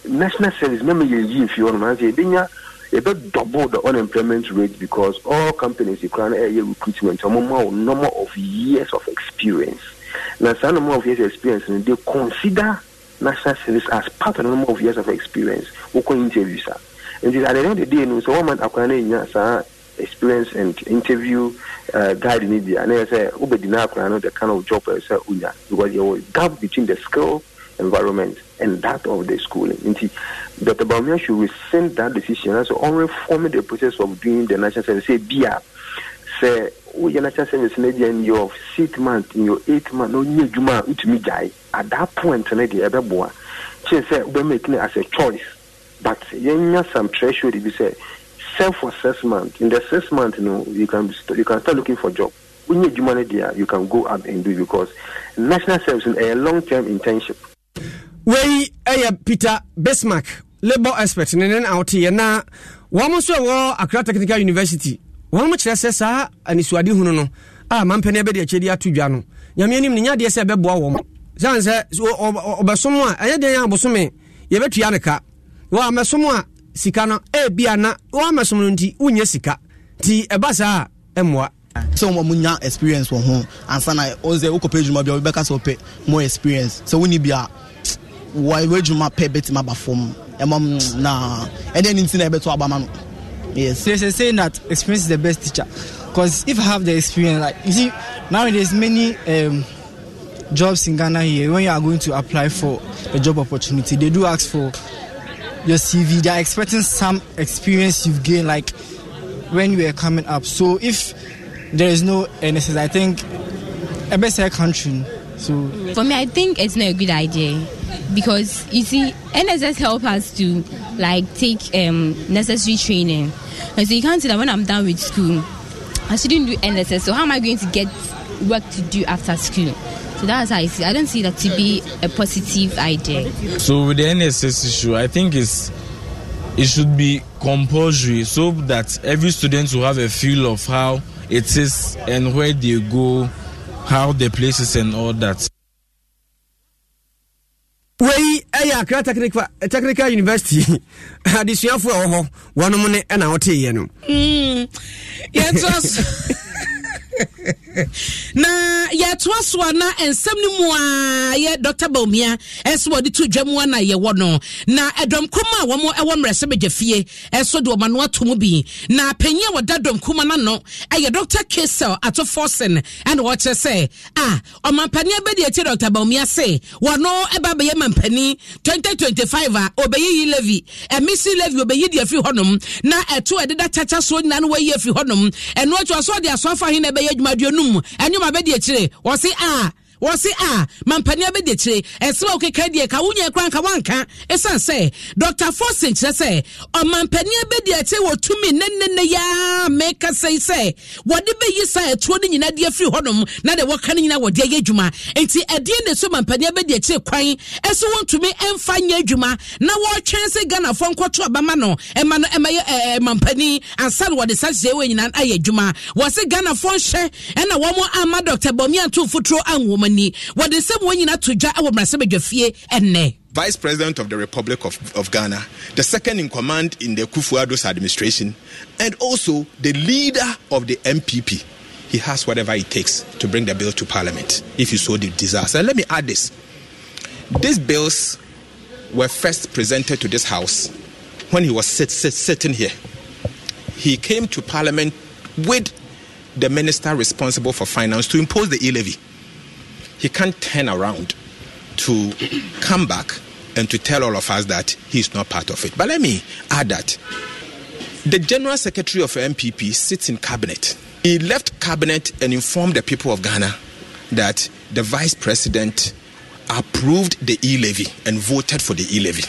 national service mɛmɛ yɛ yi nfi hɔ nom ase ebinya yɛbɛ double the unemployment rate because all companies kura eh, no ɛyɛ recruitment ɔmo ma o number of years of experience na saa number of years of experience no dey consider national service as part of the number of years of experience wokɔ interview sa nti at the end of the day no sɛ wɔma akora no nya saa experience and interview uh, guide ni bi ana yɛ sɛ wobɛdi na akora no the kind of job ɛsɛ eh, wonya because there was gap between the skill environment and that of the school. Nti Dr. Baumia should rescind that decision and so on reforming the process of doing the national service. Say, Bia, say, woyɛ oh, national service no in your six month in your eight month na onyɛ adwuma a me die at that point no deɛ ɛbɛboa kyerɛ sɛ wobɛmake no as a choice but yɛnya some threshold bi sɛ sell for six in the six month you know, you can you can start looking for job wonyɛ adwuma money there. you can go up and do because national service is a long term internship wei ɛyɛ peter bismark labour expert ne ne na ɔteyɛ na wɔn nso ɛwɔ accra technical university wɔn mo kyerɛ sɛ saa anisoade hunu no a mampani bɛde akyɛde ato dwa no nyame anim ne nyadeɛ sɛ ɛbɛboa wɔn sane sɛ ɔbɛsom a ɛyɛ deɛ yɛn abosome yɛbɛtua ne ka wɔ amɛsom a sika no ɛɛbi ana wɔn amɛsom no nti wonyɛ sika ti ɛba saa a ɛmmoa sɛ wɔn mu nya experience wɔ ho ansa na ɔn sɛ wokɔpɛ adwuma bi a wobɛka sɛ wopɛ more experience sɛ wonni bi a wɔawo adwuma pɛ bɛtumi aba fam ɛmam e na ɛdeɛ ne nti na ɛbɛto e aba ma no yes they say saying that experience is the best teacher because if i have the experience like you see nowadays many um, jobs in ghana here when you are going to apply for a job opportunity they do ask for your cv they are expecting some experience you've gained like when you were coming up so if there is no nss i think a better country so for me i think it's not a good idea because you see NSS help us to like take um, necessary training and so you can't say that when I'm done with school I shouldn't do NSS so how am I going to get work to do after school so that's how I see I don't see that to be a positive idea so with the NSS issue I think it's it should be compulsory so that every student will have a feel of how it is and where they go how the places and all that wei ɛyɛ akra technical, technical university [LAUGHS] adesuafo a wɔ hɔ wɔnom ne ɛna wɔteeɛ no hmm. yɛtoa so [LAUGHS] [LAUGHS] na yɛtoa so a na nsɛm no mu a yɛ dr baumia ɛsɛ wɔde to dwam a na yɛwɔ no na ɛdɔmkom a wɔm ɛwɔ mmerɛsɛ bagya fie ɛso de ɔma no ato mu bi na panyin a wɔda dɔmkom no no ɛyɛ dr kasel ato forsen ɛne wɔkyerɛ sɛ a ɔmampani abɛde ɛti dr baumia se wɔno ɛba bɛyɛ mampani 2025 a ɔbɛyɛ yi levi ɛmesi levi ɔbɛyi de afiri hɔnom na ɛto ɛdeda kyakya soɔ nyinaa no wɔayi afiri hɔnom ɛno atoa so ɔde asoafo ahene ɛbɛyɛ adwumadeɛ no no mu ɛnneɛma bɛdi akyire wɔsi a ah, Ah, wɔ se a mampaneɛ bɛdi akyire ɛsɛm a wokeka deɛ ka wonya kora nka woanka ɛsiane sɛ dr fos nkyerɛ sɛ ɔmampaneɛ bɛdi akyire wɔ tumi nnɛnnɛnnɛ yaa meka sɛi sɛ wɔde bɛyi saa ɛtuo no nyina deɛ firi hɔnom na nyina wɔde ayɛ adwuma enti ɛdeɛ ne so mampaneɛ bɛdi akyire kwan ɛso wɔntumi ɛmfa nyɛ adwuma na wɔretwɛn sɛ ghanafoɔ nkɔto abama no ɛma no ɛmɛyɛ mampani ansa no wɔde saa hyehyɛ ama dr bɔmi anto fotoro to dwa Vice President of the Republic of, of Ghana, the second in command in the Kufuor administration, and also the leader of the MPP. He has whatever it takes to bring the bill to Parliament if you so desire. And let me add this these bills were first presented to this House when he was sit, sit, sitting here. He came to Parliament with the minister responsible for finance to impose the e levy he can't turn around to come back and to tell all of us that he's not part of it. But let me add that the general secretary of MPP sits in cabinet. He left cabinet and informed the people of Ghana that the vice president approved the e levy and voted for the e levy.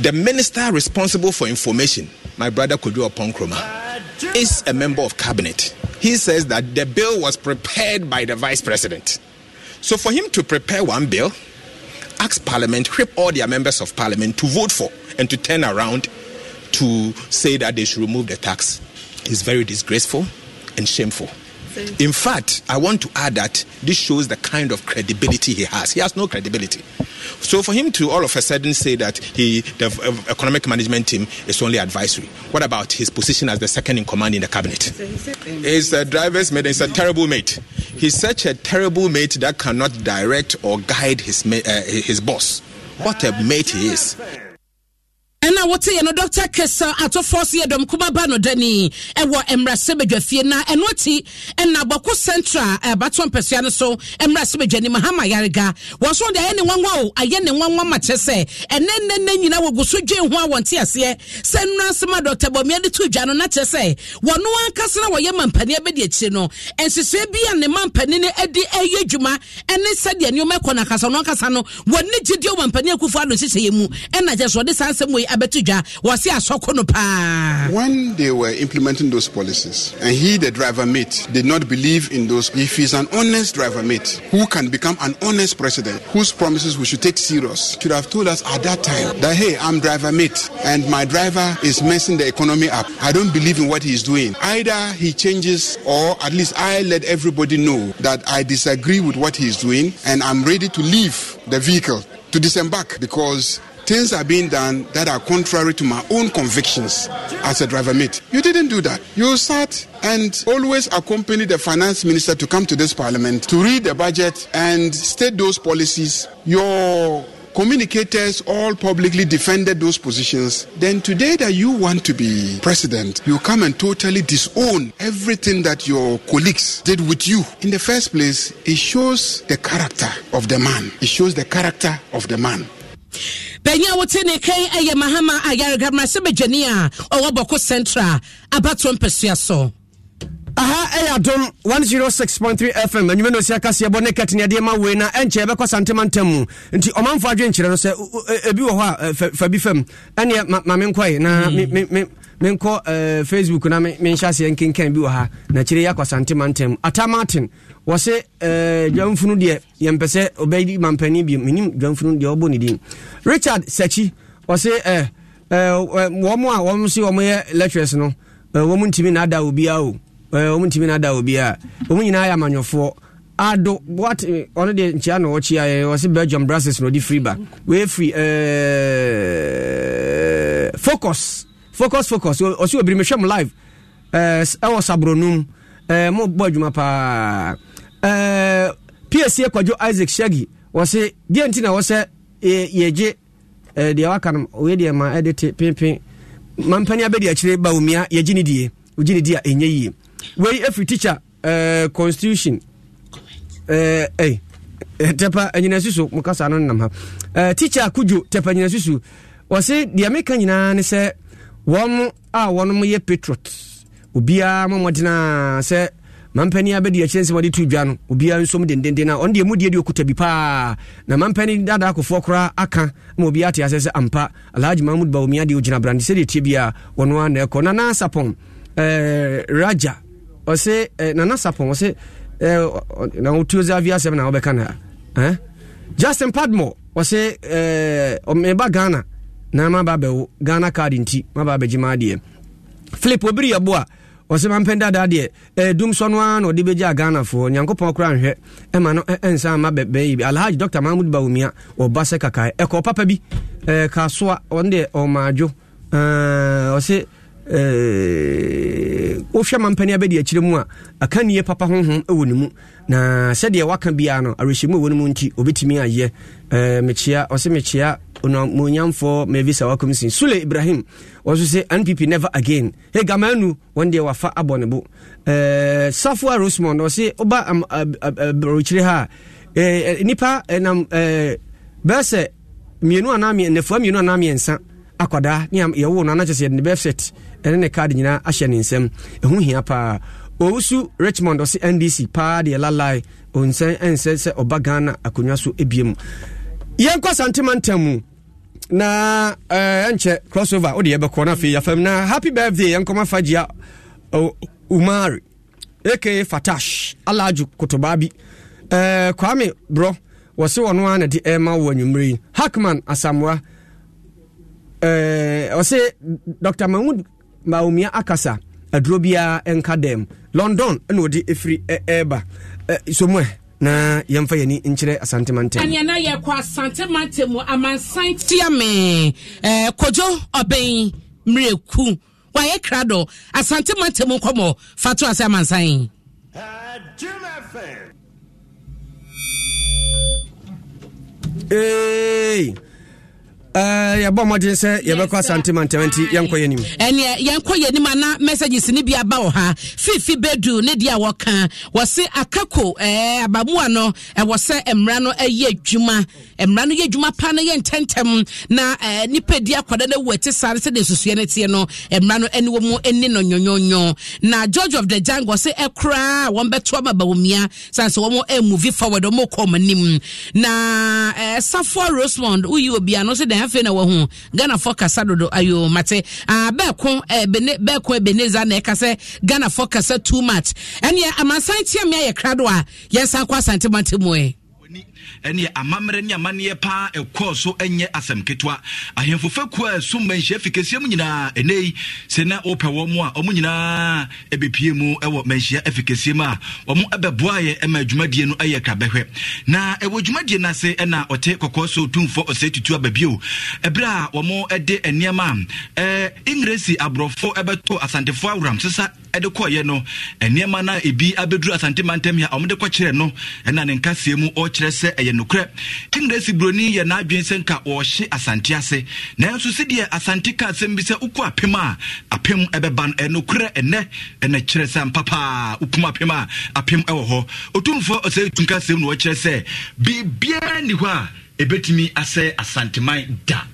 The minister responsible for information, my brother Kodu Oponkroma, is a member of cabinet. He says that the bill was prepared by the vice president. So for him to prepare one bill, ask Parliament, whip all their members of Parliament to vote for and to turn around to say that they should remove the tax is very disgraceful and shameful. In fact, I want to add that this shows the kind of credibility he has. He has no credibility. So for him to all of a sudden say that he, the uh, economic management team is only advisory, what about his position as the second in command in the cabinet? he's a driver's mate. He's a terrible mate. He's such a terrible mate that cannot direct or guide his uh, his boss. What a mate he is. na wote yɛ no dr kesa atɔfoɔ so yɛ dɔm kuba ba no dani ɛwɔ mmarahyɛ badwafie na ɛno akyi ɛna bɔko central ɛbato eh, mpɛsua no so mmarahyɛ badwani mahama yarega wɔn so de ayɛ ne nwanwa o ayɛ ne nwanwa ma kyɛ sɛ ɛnɛ nnɛ nnɛ nyinaa wɔgu so dwe ho a wɔn te aseɛ sɛ nnura asɛm a dr bɔmia de to dwa no na kyɛ sɛ wɔn ankasa na wɔyɛ mampanin abɛdi akyire no nsesua bi a ne mampanin no adi ɛyɛ adwuma ɛne sɛdeɛ nneɛma ɛkɔ n'akasa no ankasa no wɔn ne gyidie mampanin akufo ano hyehyɛ yɛ mu ɛna kyɛ When they were implementing those policies, and he, the driver mate, did not believe in those, if he's an honest driver mate who can become an honest president, whose promises we should take serious, should have told us at that time that, hey, I'm driver mate, and my driver is messing the economy up. I don't believe in what he's doing. Either he changes, or at least I let everybody know that I disagree with what he's doing, and I'm ready to leave the vehicle to disembark because things are being done that are contrary to my own convictions as a driver mate. You didn't do that. You sat and always accompanied the finance minister to come to this parliament to read the budget and state those policies. Your communicators all publicly defended those positions. Then today that you want to be president, you come and totally disown everything that your colleagues did with you. In the first place, it shows the character of the man. It shows the character of the man. bɛnyɛ a wote ne kan ɛyɛ mahama a yaregamrasɛ bɛgyani a ɔwɔ bɔko central abatoɔ mpɛsua so aha ɛyɛ adom 106.3 fm anwuma no ɔsi akaseɛ bɔ ne kɛtene adeɛ ma wei na ɛnkyɛ ɛbɛkɔ santema ntam mu nti ɔmanfoɔ adwenkyerɛ no sɛ ebi wɔ hɔ a fa bi fam ɛneɛ mame nkɔe na menkɔ eh, facebook na menhyɛ aseɛ nkenkan bi wɔ ha na kyerɛ yɛ akɔsantema ntam ata martin wɔ se uh, eh, dwamfunu deɛ yɛmpɛ sɛ ɔbɛdi mampani bi menim dwamfunu deɛ ɔbɔ ne din richard sachi eh, wɔ se uh, uh, wɔm a wɔm se wɔmyɛ lectures no uh, wɔm ntimi na ada obiaa o uh, wɔm ntimi na ada obiaa wɔm nyinaa yɛ amanyɔfoɔ ado boat ɔno deɛ nkyia na ɔkyiaɛ wɔse belgium brasses na ɔde free ba wei firi focus focus focus ɔsɛ obiri mehwɛ m live ɛwɔ eh, eh, sabronum eh, mobɔ adwuma paa psa kwadwo isaac shagi wɔse deɛ nti na ɛwɔ sɛ yɛgye deɛ waka no ɔyɛ deɛ ma ɛde te pempen mampani abɛdi akyire ba omia yɛgye ne die wogye ne die a ɛnyɛ yie wei ɛfiri teacher constitution tɛpa anyina susu mokasa no nam ha teacher kodwo tɛpa anyina susu wɔse deɛ meka nyinaa ne sɛ wɔn a wɔn yɛ patriot obiara mo mɔgyina sɛ mampani abɛdi akyire nsɛm wɔde to dwa no obiara nsom dendenden a ɔno deɛ mu deɛ deɛ okuta bi paa na mampani dada akofoɔ koraa aka ma obiara ate asɛ sɛ ampa alhaji mahmud ba baomia deɛ ogyina brande sɛdeɛ tie bia wɔno a na ɛkɔ nana sapɔn eh, raja ɔse eh, nana sapɔn ɔse eh, na wotuo zavi asɛm na wobɛka na eh? justin padmore ɔse eh, ɔmeba ghana na maba bɛwo ghana card nti maba bɛgye ma adeɛ philip obiri yɛ bo a ɔsɛ mampɛ dadaa deɛ ɛdum sɔ no ara na ɔde bɛgye a ghanafoɔ nyankopɔn kora nhwɛ ɛma no ɛnsa ma bɛyi bi alhaji dr mahmud bawumia ɔba sɛ kakae ɛkɔ papa bi ɛkasoa ɔno deɛ ɔmaadwo ɔse uh, wohwɛ eh, ma mpani abɛde akyirɛ mu a aka nniɛ papa honhom wɔ ne mu na sɛdeɛ waka biara no awerɛhyɛmu ɛwɔ no mu nti ɔbɛtumi ayɛ eh, mekyea ɔsɛ mekyea onamuonyamfoɔ mavisa wakom sin sule ibrahim ɔso sɛ npp never again he gamanu wɔn deɛ wafa abɔ ne bo eh, safoa rosmond ɔse woba awerɛkyire ha a nipa nam bɛɛ sɛ mmienu anaa nnafua mmienu anaa mmiɛnsa akwadaa ne yɛwo no anakyɛ sɛ yɛde ne bɛfset ɛne ne card nyinaa ahyɛ ne nsɛm ɛho hia paa ɔwusu richmond ɔse ndc paa deɛ lalae ɔnsɛn ɛnsɛ sɛ ɔba ghana akonnwa so ebiem yɛnkɔ santema ntam mu na ɛnkyɛ uh, crossover wode yɛbɛkɔ no afei yɛfam na happy birthday yɛnkɔma fagyea uh, umari aka fatash alajo kotobaa bi uh, kwame borɔ wɔse wɔno a na de ɛma wo anwummerɛ yi hackman asamoa ɔse uh, dr mahmud maomia akasa aduro biara nka dɛm london e, e, na wɔde ɛfiri ɛɛba somuɛ na yɛmfa yɛni nkyerɛ asantemantɛmɛna yɛkɔ asantemantɛ mu amansan tia me eh, kodwo ɔbɛn mmerɛku wayɛ kra dɔ mu nkɔmmɔ fatu to asɛ amansan Hey! Eh, yɛbɔ mmɔden sɛ yɛbɛkɔ asante mantɛm nti yɛnkɔ yɛ nim ɛneɛ yɛnkɔ yɛ nim ana messages no bi aba wɔ ha fifi bɛdu ne deɛ a wɔka wɔse akako eh, abamoa no ɛwɔ eh, sɛ mmara no yɛ adwuma mmara no yɛ adwuma pa no yɛ ntɛntɛm na nipa di akɔda no awu ɛte saa sɛdeɛ susua no teɛ no mmara no ne wɔ mu ne no nwonwonwo na george of the jungle se ɛkoraa wɔn bɛto ama bawomia san sɛ wɔn ɛmuvi forward wɔn kɔ wɔn anim na safoa rosemond woyi obi ano so deɛ afei na wɔhu ghanafo kasa dodo ayo mate uh, bɛɛko eh, bene bɛɛko eh, ebeneza na ɛka sɛ ghanafo kasa too much ɛneɛ amansan tia me ayɛ krado a yɛnsan kɔ asante mante mu ɛ. ɛneɛ amammerɛ ne amanneɛ paa so ɛnyɛ asɛm ketewa a manhyia fi mu nyinaa ɛnɛi sɛ na wopɛ wɔ mu a ɔmo nyinaa ɛbɛpie mu ɛwɔ manhyia mu a ɔmo ɛbɛboaeɛ ɛma no ɛyɛ na ɛwɔ dwumadie no ase ɛna ɔte kɔkɔɔ so tumfo ɔsɛ tutu ɛberɛ a wɔmo ɛde nneɛma a ingresi aborɔfo ɛbɛto sesa ɛde kɔɔyɛ no nneɛma na ebi abɛduru asante mantam yi a kɔkyerɛ no ɛna ne nkaseɛ mu sɛ ɛyɛ nokorɛ tim dasi buroni yɛ n'adwene sɛ nka wɔɔhye asante ase nanso sɛdeɛ asante ka asɛm bi sɛ wokɔ apem a apem ɛbɛba no ɛnokorɛ ɛnɛ ɛna kyerɛ sɛ mpa paa wokum apem a apem ɛwɔ hɔ ɔtumfoɔ ɔsɛ tunka asɛm na wɔkyerɛ sɛ biribiara nni hɔ a ɛbɛtumi asɛ asanteman da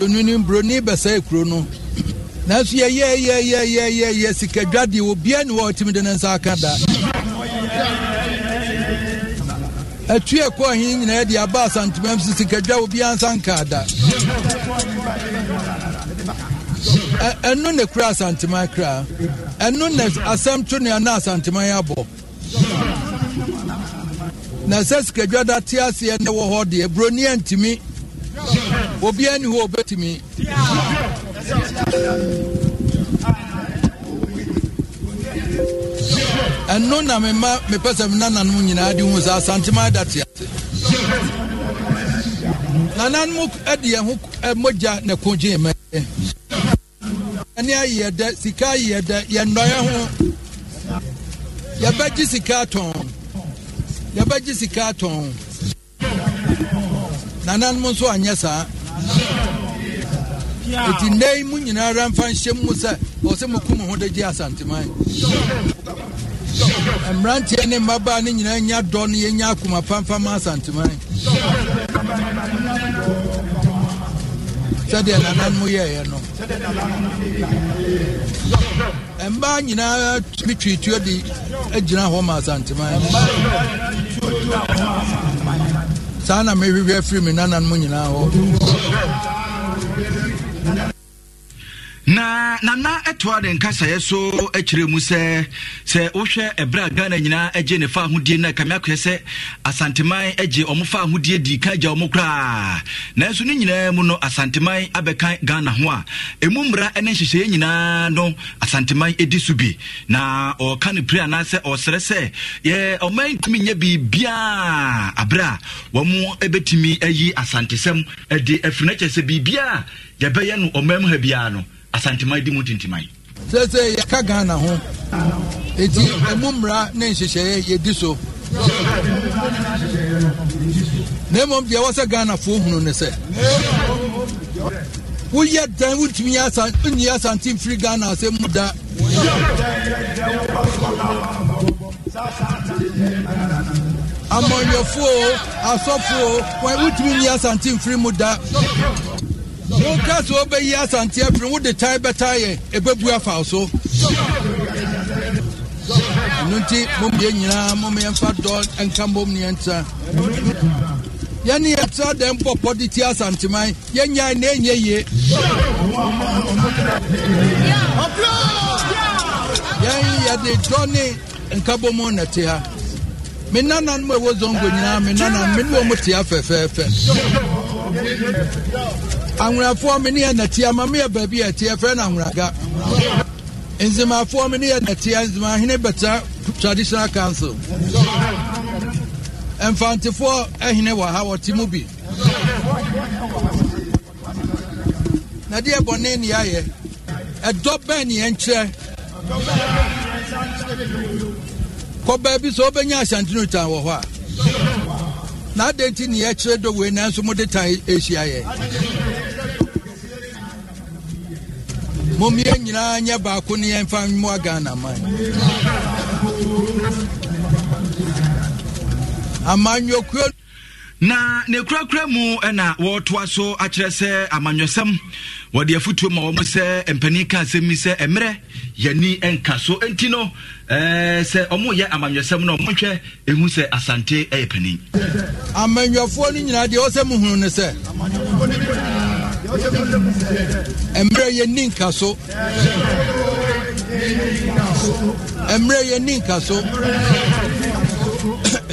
onini buroni bɛsɛ ekuro no nanso yɛ yɛ yɛ yɛ yɛ yɛ sikadwa deɛ obiara ni wɔ ɔtumi de ne nsa aka da atu ɛkɔ ɔhen nyinaa de aba asantemam so sikadwa obiara nsa nkaa da ɛno na kura asanteman kra ɛno na asɛm to nea na asanteman abɔ na sɛ sikadwa da te aseɛ ne wɔ hɔ deɛ buroni antumi obiara ni hɔ obɛtumi ɛno na mema mepɛ sɛ me nananom nyinaa de hu saa asantema ada te ase nananom de yɛn ho mogya na kɔgye mɛ ɛne ayɛ dɛ sika ayɛ dɛ yɛnnɔyɛ ho yɛbɛgye sika atɔn yɛbɛgye sika atɔn nananom nso anyɛ saa eti nnɛ yi mu nyinaa ara mfa nhyɛ mu sɛ ɔsɛ mo ho de gye asanteman mmeranteɛ ne mmabaa ne nyinaa nya dɔ no yɛnya akoma pamfam asanteman sɛdeɛ nananom yɛeɛ no mmaa nyinaa tumi twituo de agyina hɔ ma asanteman saa na mehwehwɛ afiri me nananom nyinaa hɔ na nana ɛtoa de nkasaeɛ so akyerɛ mu sɛ sɛ wohwɛ ɛberɛ a ghana nyinaa agye ne fa ahodie no kame akɔɛ sɛ asanteman agye ɔmo fa ahodie dii ka agya ɔmo koraa nanso ne nyinaa mu no asanteman abɛka ghana ho a ɛmu mmara ne nhyehyɛeɛ nyinaa no asanteman ɛdi so bi na ɔka no pire anaasɛ ɔsrɛ sɛ yɛ ɔman tumi nyɛ biribiaa aberɛ a wɔmo ɛbɛtumi ayi asantesɛm ɛde afiri no kyɛ sɛ biribiaa yɛbɛyɛ no ɔman mu ha biara no asantema di mu tintima yi. sese yɛka ghana ho eti emu mmara ne nhyehyɛeɛ yɛdi so na mmom deɛ ɛwɔ sɛ ghanafoɔ hunu ne sɛ woyɛ dan wotumi nyi asante mfiri ghana asɛ mu da amanyɔfoɔ asɔfoɔ wotumi nyi asante mfiri mu da wo kra sɛ wobɛyi asante afiri wode tae bɛtae yɛ ɛbɛbu afaw so ɛno nti momeɛ nyinaa momeɛmfa dɔ nka mbom ne yɛntra yɛne yɛtra dɛn bɔ pɔde ti asanteman yɛnyae na ɛnyɛ yie yɛn yɛde dɔ ne nkabomu na te ha me nananom ɛwɔ zongo nyinaa me nanan me ne wɔ mo tea fɛfɛɛfɛ anwurafoɔ me ne yɛ nɛteɛ ama meyɛ baabi a ɛteɛ frɛ no anwuraga nzimafoɔ me ne yɛ nɛteɛ nzimahene bɛtena traditional council mfantefoɔ ɛhene wɔ ha wɔte mu bi na deɛ bɔne ne ayɛ ɛdɔ bɛn ne yɛnkyerɛ kɔbaa bi sɛ wobɛnya ahyantene tan wɔ hɔ a na adɛn nti ne yɛkyerɛ dɔ wei nanso mode tan ɛhyia yɛ mom yɛn nyinaa nyɛ baako ne yɛmfa mmoa ghana man amannwokuo na ne kurakura mu na wɔretoa so akyerɛ sɛ amannwosɛm wɔde afotuo ma wɔn sɛ mpanin ka asɛm yi sɛ mmerɛ yɛni nka so nti no eh, sɛ wɔyɛ amannwosɛm no wɔhwɛ ehu sɛ asante yɛ panin. amannwofoɔ ni nyinaa deɛ ɔsɛ muhunu ne sɛ mmerɛ yɛ ni nka so mmerɛ yɛ ni nka so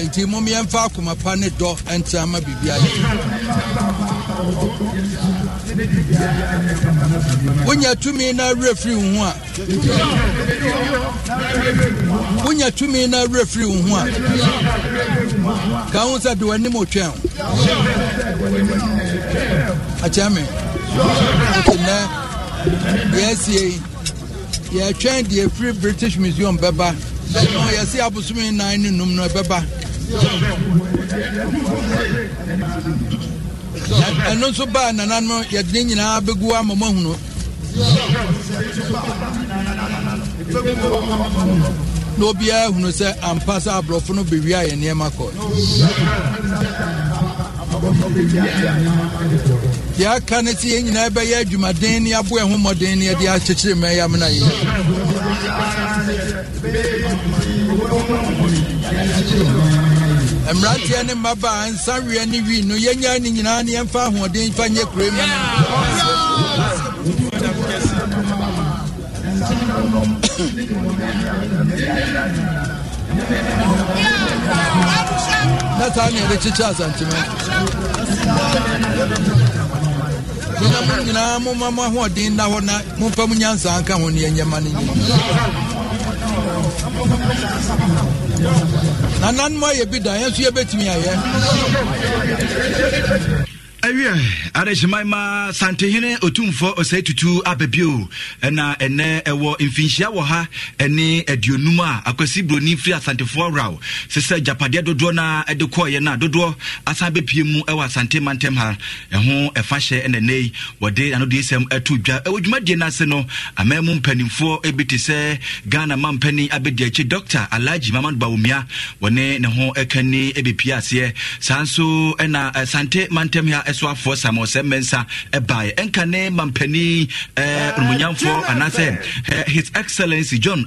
nti mom yɛmfa akoma pa ne dɔ nte ama biribi ayɛ wonya tumi na referee firi wo ho a wonya tumi na referee firi wo ho a ka ho sɛ de w'anim ɔtwɛn ho akyɛ me nnɛ yɛasie yi yɛtwɛn deɛ firi british museum bɛba yɛse abosome nan ne num no ɛbɛba ɛno nso baa nana nananom yɛdene nyinaa bɛgu ama moahunu na obiara hunu sɛ ampa sɛ aborɔfo no bɛwia yɛ nneɛma kɔ deɛ aka ne sɛ yɛn nyinaa bɛyɛ adwumaden ne aboɛ ho mmɔden ne yɛde akyekyere ma yam no yɛ mmeranteɛ ne mmabaa nsaweɛ ne wii no yɛnya ne nyinaa ne yɛmfa ahoɔden fa nyɛ kuro mu na saa ne yɛde kyekyɛ asantema nyinaa momma mo ahoɔden nna hɔ na momfa mu nyansaa nka ho ne yɛnyɛma no nyinaa na nanom ayɛ bi da yɛn nso yɛbɛtumi ayɛ awie adehyimanma santehene otumfoɔ ɔsɛe tutu aba bio ɛna ɛnɛ ɛwɔ mfinhyia wɔ ha ɛne aduonum a akwasi buroni firi asantefoɔ raw sɛ sɛ agyapadeɛ dodoɔ no ɛde kɔɔyɛ no a dodoɔ asan bɛpie mu ɛwɔ asante mantam ha ɛho ɛfa hyɛ ɛna nɛ yi wɔde anodeesɛm ɛto dwa ɛwɔ dwumadie no ase no aman mu mpanimfoɔ ebi te sɛ ghana ma mpani abɛdi akyi dɔkta alagye mamado bawomia wɔne ne ho ɛka ni ɛbɛpie aseɛ saa nso ɛna asante eh, mantam ha ɛso afoɔ sam ɔsɛ mmɛnsa ɛbaeɛ ɛnka ne mampani eh, numunyamfoɔ anaasɛ eh, his excellency john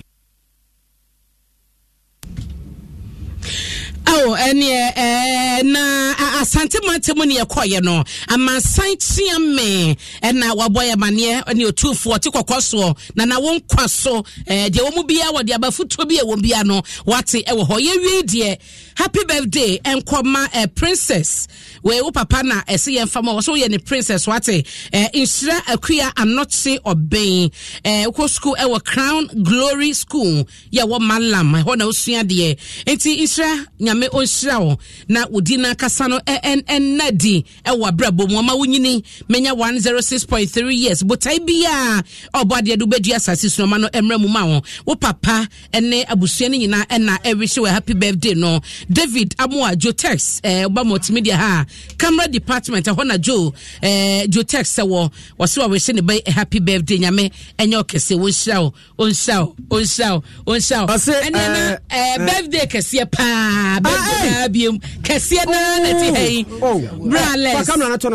Oh, ɛneɛ eh, na asante mante mu ne yɛkɔɔyɛ no amansan tea me ɛna eh, wabɔ yɛ maneɛ ne ɔtufoɔ te kɔkɔ soɔ na na wo nkwa so eh, deɛ wɔ mu biaa wɔde abafotuo bi ɛwɔ bia no wate ɛwɔ hɔ yɛwie deɛ happy birthday ɛnkɔma eh, princess wei wo papa na ɛsɛ yɛn fam a wɔsɛ woyɛ ne princess wate eh, nhyira akua anɔkye ɔbɛn eh, wokɔ school ɛwɔ eh, crown glory school yɛ wɔ malam ɛhɔ eh, na wosua deɛ nti nhyira nyame ɔnhyira wo na wodi no ankasa no ɛna di ɛwɔ eh, abrɛbɔ mu ɔma wonyini menya 106.3 years botae biaa ɔbɔ adeɛ de wobɛdua asase sunoma no eh, mmerɛ mu ma wo wo papa ne abusua no nyinaa ɛna ɛwehye wɔ happy birthday no david amoa jotex ɔba eh, multimedia ha camera department ɛhɔ na jo eh, jo tex sɛ wɔ wɔse wa wɔhyɛ ne bɛ eh, happy birthday nyame ɛnyɛ ɔkɛseɛ wɔnhyira wo ɔnhyira wo ɔnhyira wo ɔnhyira wo ɛne no eh, eh, eh, birthday kɛseɛ paa ah, birthday biom kɛseɛ naa na ti ha yi oh, oh. braless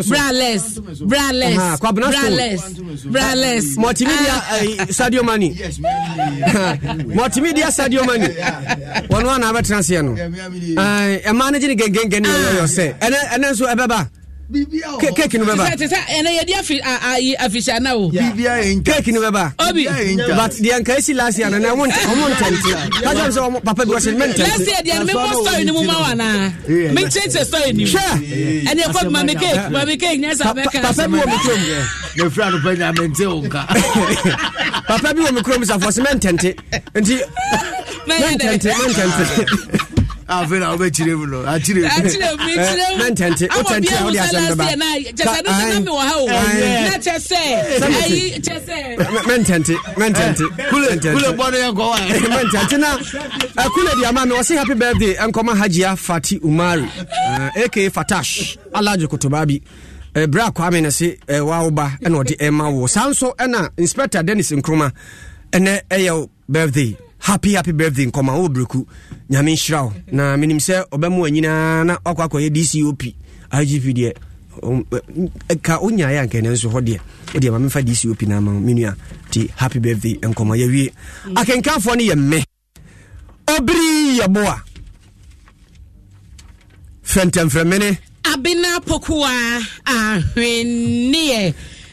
braless braless braless braless multimedia ah. sadio mani [LAUGHS] multimedia sadio mani wɔn wɔn na abɛtena seɛ no ɛmaa no gye ne gɛngɛngɛn ne yɛyɛ sɛ ɛnɛ ɛnɛ nso ɛbɛba keeki ni bɛba sisan sisan ɛnɛ yɛ di afi afisa na o keeki ni bɛba obi but diɛ nka esi last year nana ɔmu ntɛnti kajal sɛ ɔmu papa bi wɔsi mɛ ntɛnti last year diɛ mi bɔ story ni mu ma wa na mi tiɛ tiɛ story ni mu ɛnɛ kɔ mami keeki mami keeki nyɛ sa bɛ kɛra papa bi wɔ mi kurom ne fira no pɛ nyame nte o nka [LAUGHS] papa bi wɔ mi kurom sa fɔ si mɛ ntɛnti nti mɛ ntɛnti mɛ ntɛnti afei eh, na wobɛkyire mu no akyiremnantɛnte wotɛnte a wode asɛm bɛbamentɛnte mentɛntemɛntɛnte na akule de ama me ɔse eh, eh, happy birthday ɛnkɔma hagia fati umari aka fatash alage kotobaa bi ɛberɛ a kwame no se wawo ba ɛna ɔde ɛma wo saa nso ɛna inspector dennis nkroma ɛnɛ ɛyɛ birthday happy happy birthday nkɔma wo breku nyame nhyira wo na menim sɛ ɔbɛmoa nyinaa na wakɔ akɔyɛ dcop igp deɛ um, eh, ka wonyaeɛ anka ɛnɛ nso hɔ deɛ wodeɛ ma memfa dcop no ama menua nti happy birthday nkɔma yɛwie mm. akenkafoɔ no yɛ mme ɔbere yɛboa fɛntɛmfrɛmene abena pokoa ahwenneɛ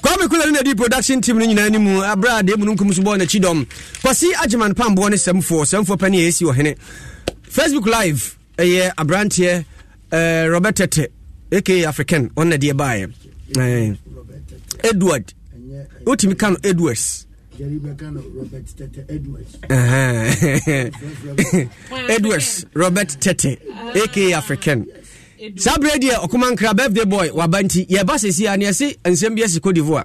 kwame kula ne nadi production team no nyinaa nimu aberɛ a deɛ mu no nkum so bɔɔ n'akyi dɔm kwasi agyeman pamboɔ ne sɛmfoɔ sɛmfoɔ pɛ ne a ɛsi ɔhene facebook live ɛyɛ aberanteɛ uh, robert tete aka african ɔnna deɛ baeɛ eh, edward wotumi ka no edwards [LAUGHS] edwards robert tete aka african saa berɛ deɛ ɔkoma nkra birthday boy waba nti yɛba sɛsi a neɛse nsɛm bi asi codivoa